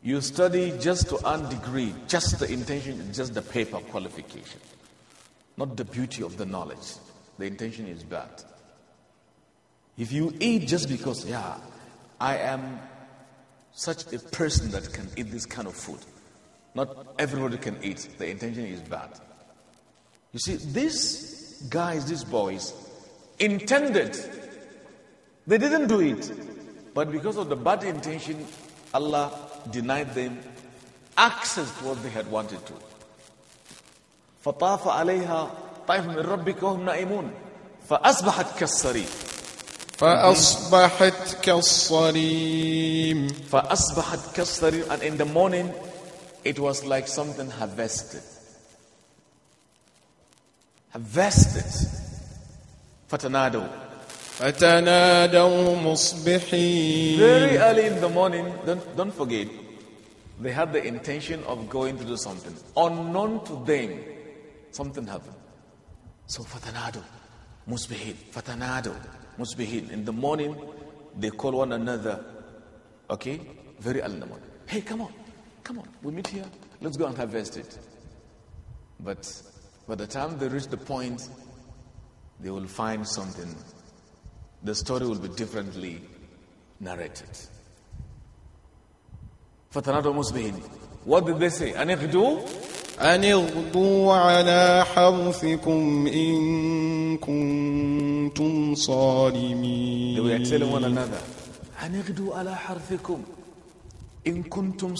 You study just to earn degree, just the intention, just the paper qualification not the beauty of the knowledge. The intention is bad. If you eat just because, yeah, I am such a person that can eat this kind of food, not everybody can eat, the intention is bad. You see, these guys, these boys, intended, they didn't do it, but because of the bad intention, Allah denied them access to what they had wanted to. فطاف عليها طائف من ربك وهم نائمون فأصبحت كالصريم فأصبحت كالصريم فأصبحت كالصريم and in the morning it was like something harvested harvested فتنادوا فتنادوا مصبحين very early in the morning don't, don't forget they had the intention of going to do something unknown to them something happened. So fatanado, musbihin, fatanado, musbihin. In the morning, they call one another, okay, very early in the morning. Hey, come on, come on, we meet here, let's go and harvest it. But by the time they reach the point, they will find something. The story will be differently narrated. Fatanado, Musbihin. What did they say? أَنِقْدُوا أن على حرثكم إن كنتم صارمين They were telling one another أن اغدوا على حرثكم إن كنتم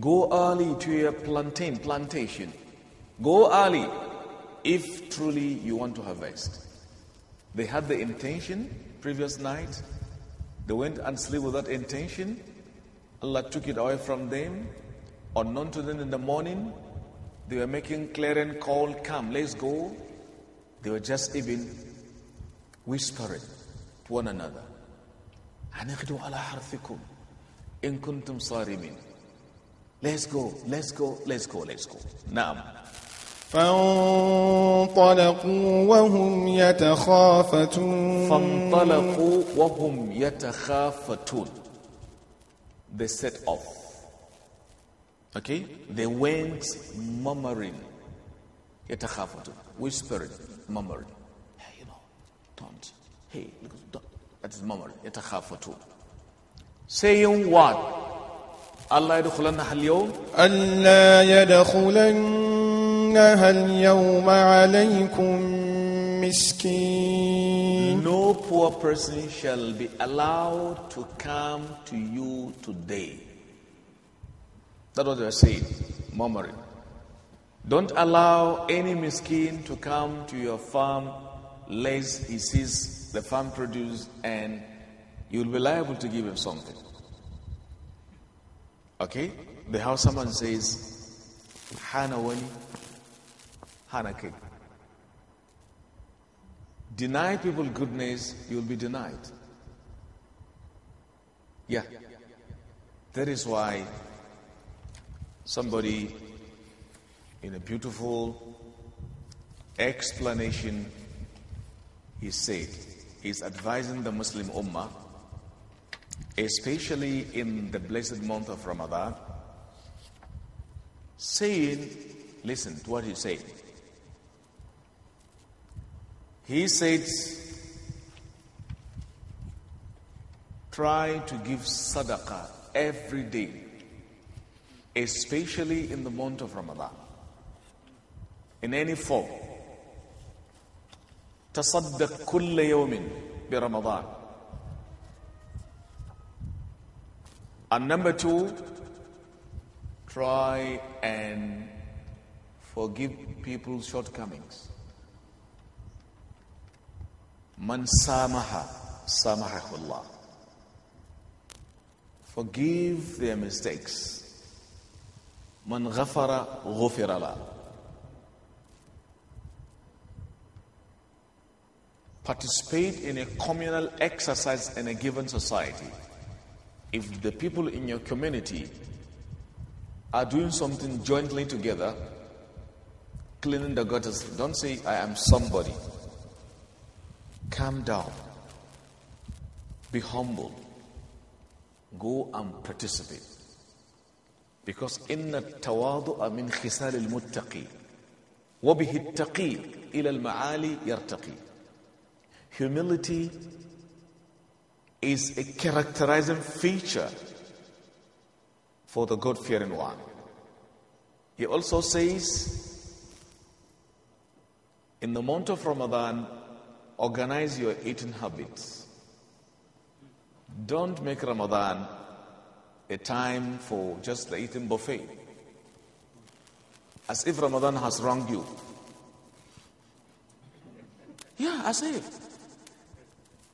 Go early to your plantain plantation Go early if truly you want to harvest They had the intention previous night They went and slept with that intention Allah took it away from them Unknown to them in the morning, they were making clarion call, come, let's go. They were just even whispering to one another. Let's go, let's go, let's go, let's go. نعم. فانطلقوا وهم يتخافتون. فانطلقوا وهم يتخافتون. They set off. Okay? They went murmuring. Yatakhafatu. Whispering. Murmuring. Hey, you know, don't. Hey, look, at that. is murmuring. Yatakhafatu. Saying what? Allah يدخلنها اليوم Allah يدخلنها اليوم عليكم مسكين No poor person shall be allowed to come to you today that's what they were saying. Murmuring. Don't allow any miskin to come to your farm lest he sees the farm produce and you'll be liable to give him something. Okay? The house someone says, Hana wani, Hana kid. Deny people goodness, you'll be denied. Yeah. That is why somebody in a beautiful explanation he said is advising the muslim ummah especially in the blessed month of ramadan saying listen to what he said he said try to give sadaqah every day especially in the month of Ramadan, in any form. تصدق كل يوم برمضان. And number two, try and forgive people's shortcomings. Man samaha, Forgive their mistakes. من غفر غفر له. Participate in a communal exercise in a given society. If the people in your community are doing something jointly together, cleaning the gutters, don't say, I am somebody. Calm down. Be humble. Go and participate. Because إن التواضع من خصال المتقي وبه ila al-maali yartaqi. Humility is a characterizing feature for the God-fearing one. He also says, in the month of Ramadan, organize your eating habits. Don't make Ramadan a time for just the eating buffet. As if Ramadan has wronged you. Yeah, as if.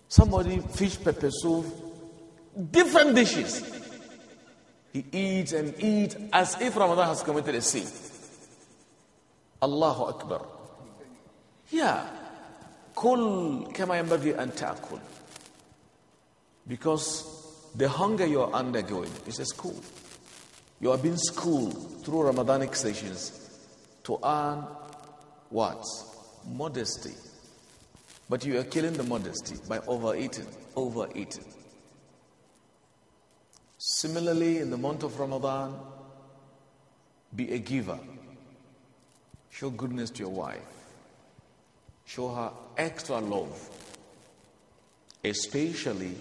Somebody fish pepper soup, different dishes. He eats and eats as if Ramadan has committed a sin. Allahu Akbar. Yeah. Kul kama yambagi an ta'kul. Because the hunger you are undergoing is a school. You are being schooled through Ramadanic sessions to earn what? Modesty. But you are killing the modesty by overeating, overeating. Similarly, in the month of Ramadan, be a giver. Show goodness to your wife. Show her extra love, especially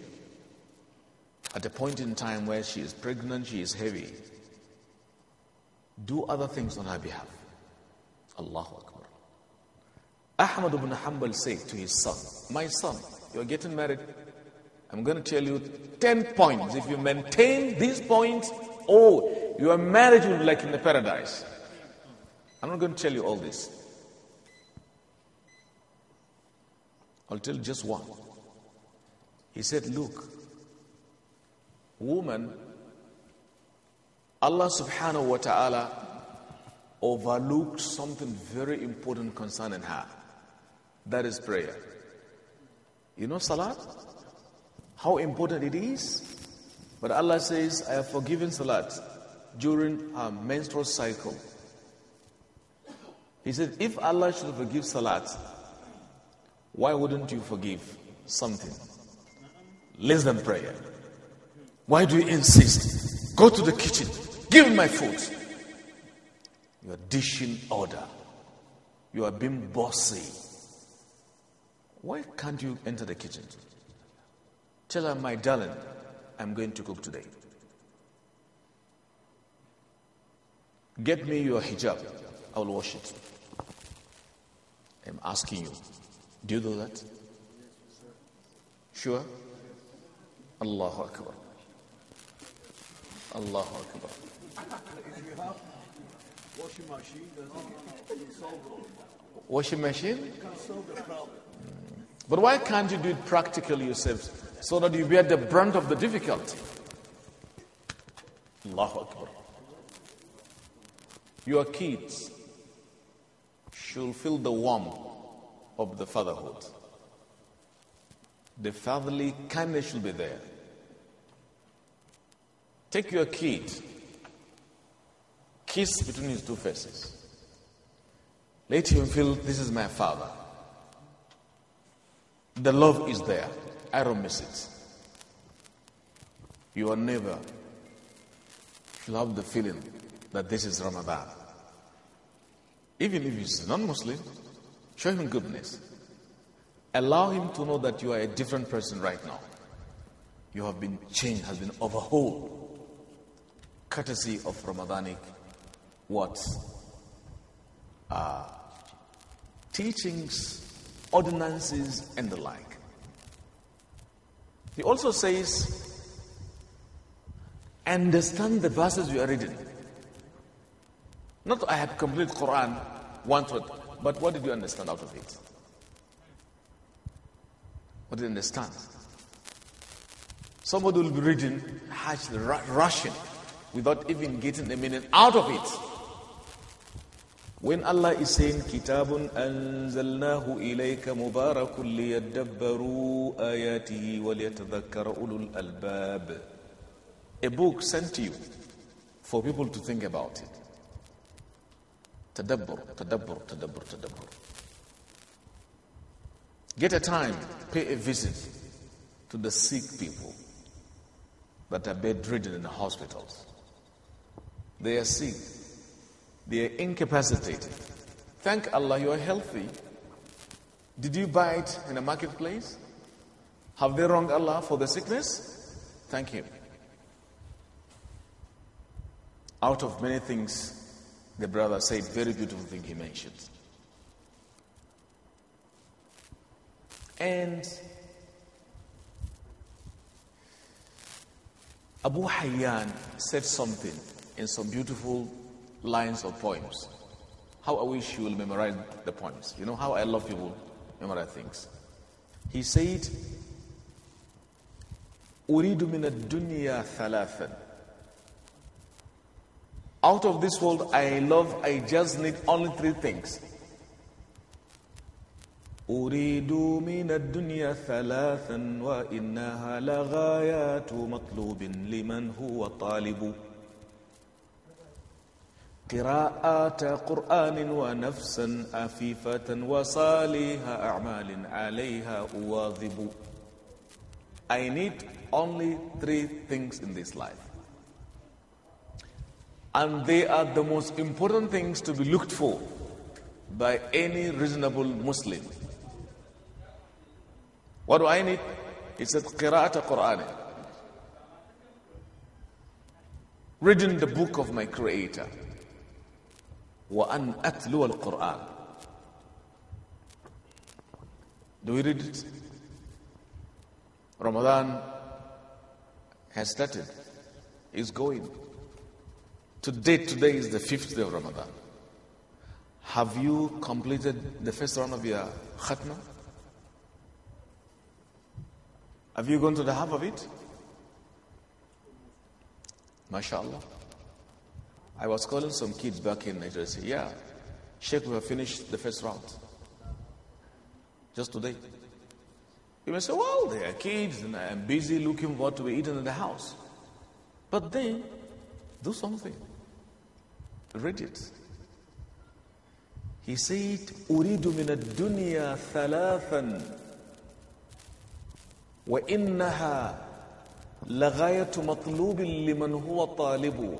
at a point in time where she is pregnant, she is heavy. Do other things on her behalf. Allahu Akbar. Ahmad ibn Hanbal said to his son, My son, you are getting married. I'm going to tell you 10 points. If you maintain these points, oh, your marriage will be like in the paradise. I'm not going to tell you all this. I'll tell you just one. He said, Look, woman, Allah subhanahu wa ta'ala overlooked something very important concerning her. That is prayer. You know salat? How important it is? But Allah says, I have forgiven salat during her menstrual cycle. He said, if Allah should forgive salat, why wouldn't you forgive something less than prayer? Why do you insist? Go to the kitchen. Give my food. You are dishing order. You are being bossy. Why can't you enter the kitchen? Tell her, my darling, I'm going to cook today. Get me your hijab. I will wash it. I'm asking you. Do you do that? Sure? Allahu Akbar. Allahu Akbar. washing machine, Washing machine? Mm. But why can't you do it practically yourselves so that you bear the brunt of the difficulty? Allahu Akbar. Your kids should feel the warmth of the fatherhood. The fatherly kindness should be there. Take your kid, kiss between his two faces. Let him feel this is my father. The love is there. I don't miss it. Your neighbor never love the feeling that this is Ramadan. Even if he's non Muslim, show him goodness. Allow him to know that you are a different person right now. You have been changed, has been overhauled courtesy of Ramadanic what? Uh, teachings, ordinances, and the like. He also says, understand the verses you are reading. Not I have complete Quran, word, but what did you understand out of it? What did you understand? Somebody will be reading Hajj Russian without even getting a meaning out of it. When Allah is saying, Kitabun anzalnahu ilayka mubarakun liyadabbaru ayatihi wa ulul albab. A book sent to you for people to think about it. Tadabbur, tadabbur, tadabbur, tadabbur. Get a time, pay a visit to the sick people that are bedridden in the hospitals. They are sick. They are incapacitated. Thank Allah you are healthy. Did you buy it in a marketplace? Have they wronged Allah for the sickness? Thank Him. Out of many things, the brother said very beautiful thing he mentioned. And Abu Hayyan said something in some beautiful lines of poems. How I wish you will memorize the poems. You know how I love people memorize things. He said, أريد من الدنيا ثلاثا Out of this world I love, I just need only three things. أريد من الدنيا ثلاثا وإنها لغايات مطلوب لمن هو طالب قراءة قرآن ونفسا أفيفة وصاليها أعمال عليها أواظب I need only three things in this life. And they are the most important things to be looked for by any reasonable Muslim. What do I need? He said, Qira'at Qur'an. Reading the book of my Creator. وأن أتلو القرآن Do we read it? Ramadan has started, is going. Today, today is the fifth day of Ramadan. Have you completed the first round of your khatna? Have you gone to the half of it? MashaAllah. I was calling some kids back in Nigeria. Say, yeah, Sheikh, we have finished the first round. Just today. You may say, well, they are kids and I'm busy looking what to eat in the house. But then, do something. Read it. He said, أريد من الدنيا ثلاثا وإنها لغاية مطلوب لمن هو طالبه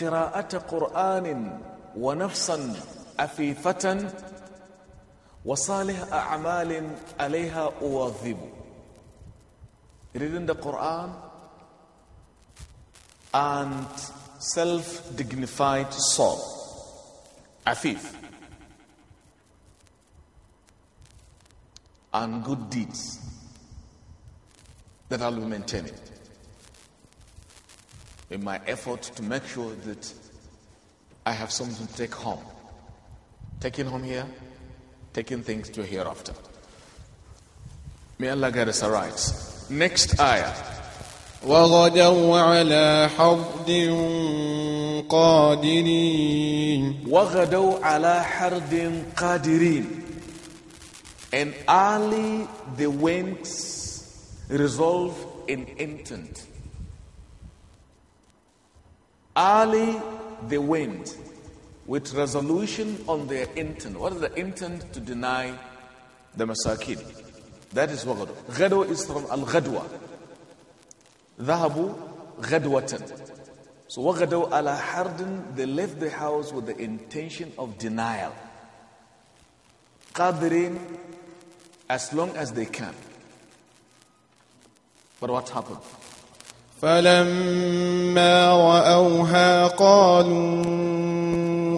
قراءة قرآن ونفسا عفيفة وصالح أعمال عليها أواظب reading the Quran and self-dignified soul عفيف and good deeds that I will maintain it in my effort to make sure that I have something to take home. Taking home here, taking things to hereafter. May Allah guide us aright. Next ayah. وغدوا على حرد قادرين وغدوا على حرد قادرين And early the winds resolved in intent Ali, they went with resolution on their intent. What is the intent? To deny the masakin. That is what ghadu. Ghadu is from al-ghadwa. ذهبوا غدوة. So وغدوا على Hardin, they left the house with the intention of denial. قادرين as long as they can. But what happened? فلما رأوها قالوا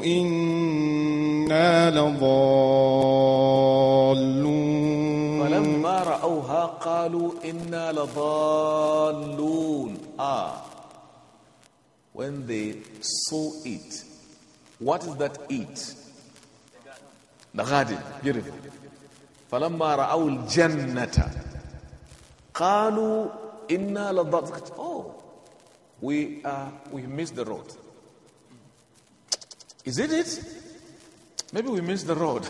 إنا لضالون فلما رأوها قالوا إنا لضالون Ah When they saw it What is that it? The garden Beautiful فلما رأوا الجنة قالوا Inna ladhaq. Oh, we, uh, we missed the road. Is it it? Maybe we missed the road.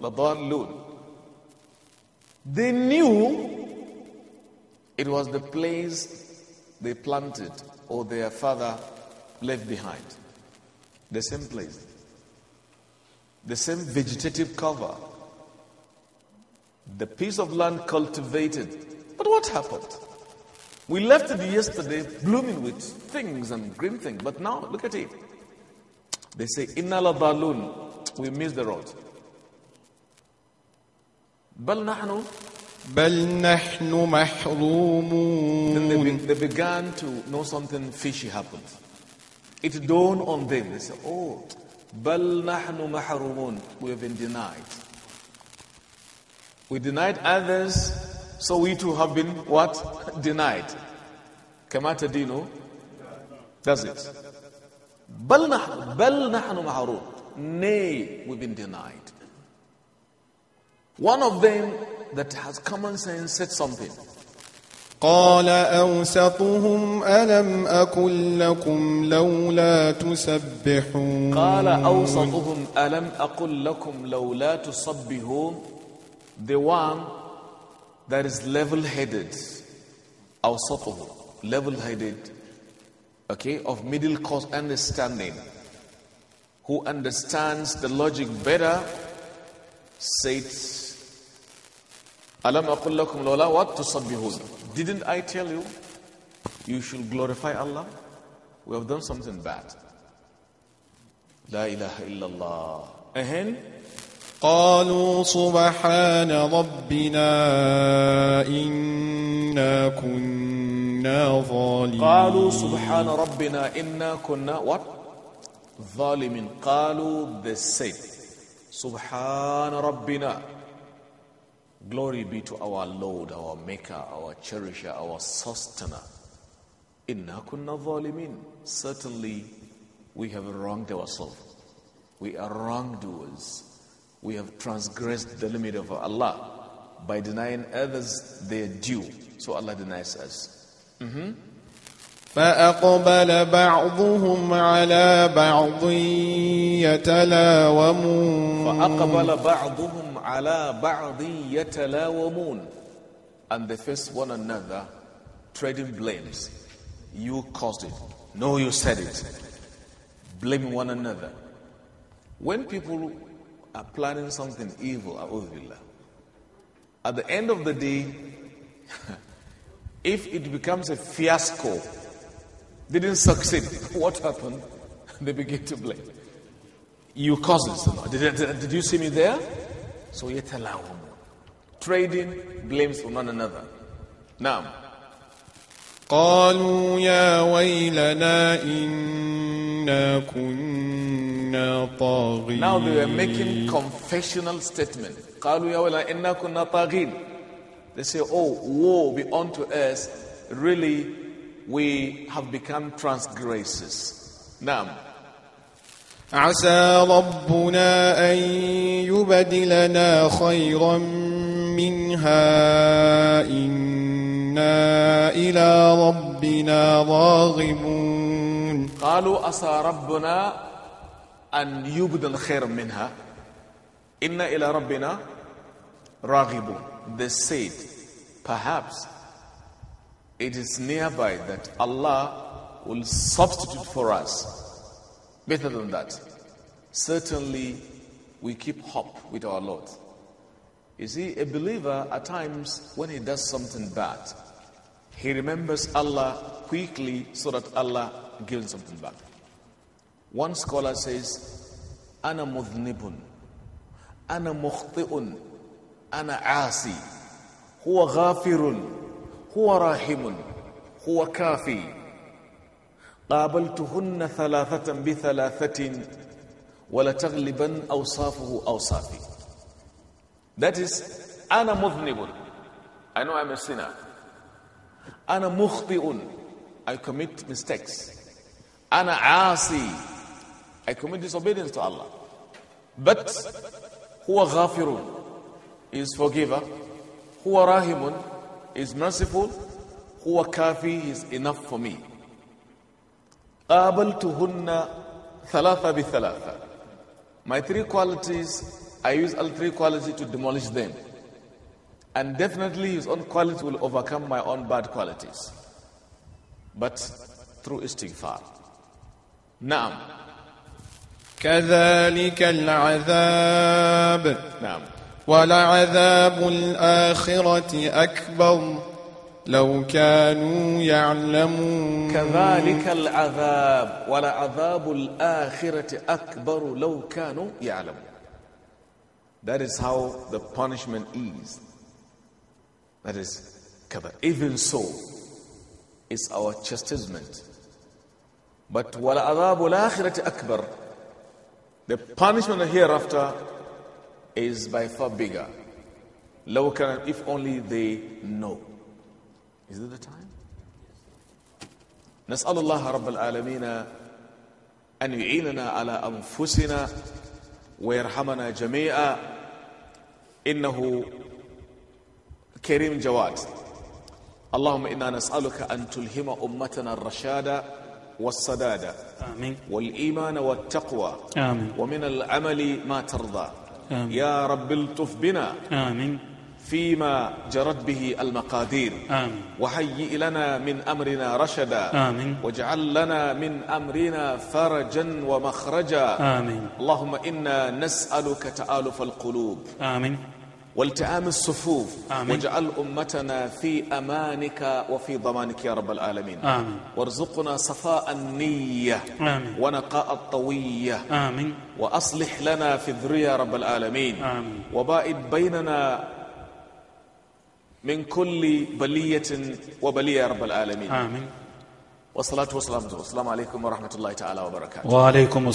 Ladhallun. They knew it was the place they planted or their father left behind. The same place. The same vegetative cover. The piece of land cultivated. But what happened? We left it yesterday blooming with things and green things, but now look at it. They say, Inna la We miss the road. بل n'ahnu. بل n'ahnu محرومون Then they, be, they began to know something fishy happened. It dawned on them. They said, oh, بل n'ahnu محرومون. We have been denied. We denied others so we too have been what? Denied. Kamata dino. Does it? Bal nahnu Nay, we've been denied. One of them that has common sense said something. قال أوسطهم ألم أقل لكم لولا تسبحون قال أوسطهم ألم أقل لكم لولا تسبحون The one that is level headed, awsatuhu, level headed, okay, of middle course understanding, who understands the logic better, says, Alam aqul lakum lola what tusabbihun. Didn't I tell you you should glorify Allah? We have done something bad. La ilaha illallah. And قالوا سبحان ربنا إنا كنا ظالمين قالوا سبحان ربنا إنا كنا what? ظالمين قالوا they same سبحان ربنا Glory be to our Lord, our Maker, our Cherisher, our Sustainer. إنا كنا ظالمين Certainly, we have wronged ourselves. We are wrongdoers. we have transgressed the limit of Allah by denying others their due. So Allah denies us. Mm -hmm. فأقبل بعضهم على بعض يتلاومون فأقبل بعضهم على بعض يتلاومون and they face one another trading blames you caused it no you said it blaming one another when people are planning something evil. At the end of the day, *laughs* if it becomes a fiasco, they didn't succeed. *laughs* What happened? *laughs* They begin to blame. You caused Did, did, did you see me there? So yet allow Trading blames on one another. Now, قالوا يا ويلنا إنا كنا now they were making confessional statement. They say, oh, woe be unto us. Really, we have become transgressors. Now, عسى ربنا أن يبدلنا خيرا منها إنا إلى ربنا راغبون قالوا عسى ربنا أن يُبْدَلْ خَيْرٌ منها إِنَّ إلى ربنا رَاغِبُ. They said, perhaps it is nearby that Allah will substitute for us better than that. Certainly, we keep hope with our Lord. You see, a believer at times when he does something bad, he remembers Allah quickly so that Allah gives something back. One scholar says, أنا مذنب أنا مخطئ أنا عاصي هو غافر هو راحم هو كافي قابلتهن ثلاثة بثلاثة ولتغلبن أوصافه أوصافي. That is, أنا مذنب. I know I'm a sinner. أنا مخطئ. I commit mistakes. أنا عاصي. I commit disobedience to Allah. But huwa ghafirun is forgiver. Huwa rahimun is merciful. Huwa kafi is enough for me. قابلتهن bi بثلاثة. My three qualities, I use all three qualities to demolish them. And definitely his own quality will overcome my own bad qualities. But through istighfar. Naam. كذلك العذاب نعم ولعذاب الآخرة أكبر لو كانوا يعلمون كذلك العذاب ولعذاب الآخرة أكبر لو كانوا يعلمون That is how the punishment is. That is qadar. Even so, is our chastisement. But وَلَعَذَابُ الْآخِرَةِ أَكْبَرُ The punishment hereafter is by far bigger. Low can, if only they know. Is it the time? نسأل الله رب العالمين أن يعيننا على أنفسنا ويرحمنا جميعا إنه كريم جواد اللهم إنا نسألك أن تلهم أمتنا الرشاد والسداد آمين والإيمان والتقوى آمين ومن العمل ما ترضى آمين يا رب الطف بنا آمين فيما جرت به المقادير آمين وهيئ لنا من أمرنا رشدا آمين واجعل لنا من أمرنا فرجا ومخرجا آمين اللهم إنا نسألك تآلف القلوب آمين والتئام الصفوف آمين. واجعل أمتنا في أمانك وفي ضمانك يا رب العالمين آمين. وارزقنا صفاء النية آمين. ونقاء الطوية آمين. وأصلح لنا في الذرية رب العالمين آمين. وبائد بيننا من كل بلية وبلية يا رب العالمين آمين والصلاة والسلام عليكم ورحمة الله تعالى وبركاته وعليكم السلام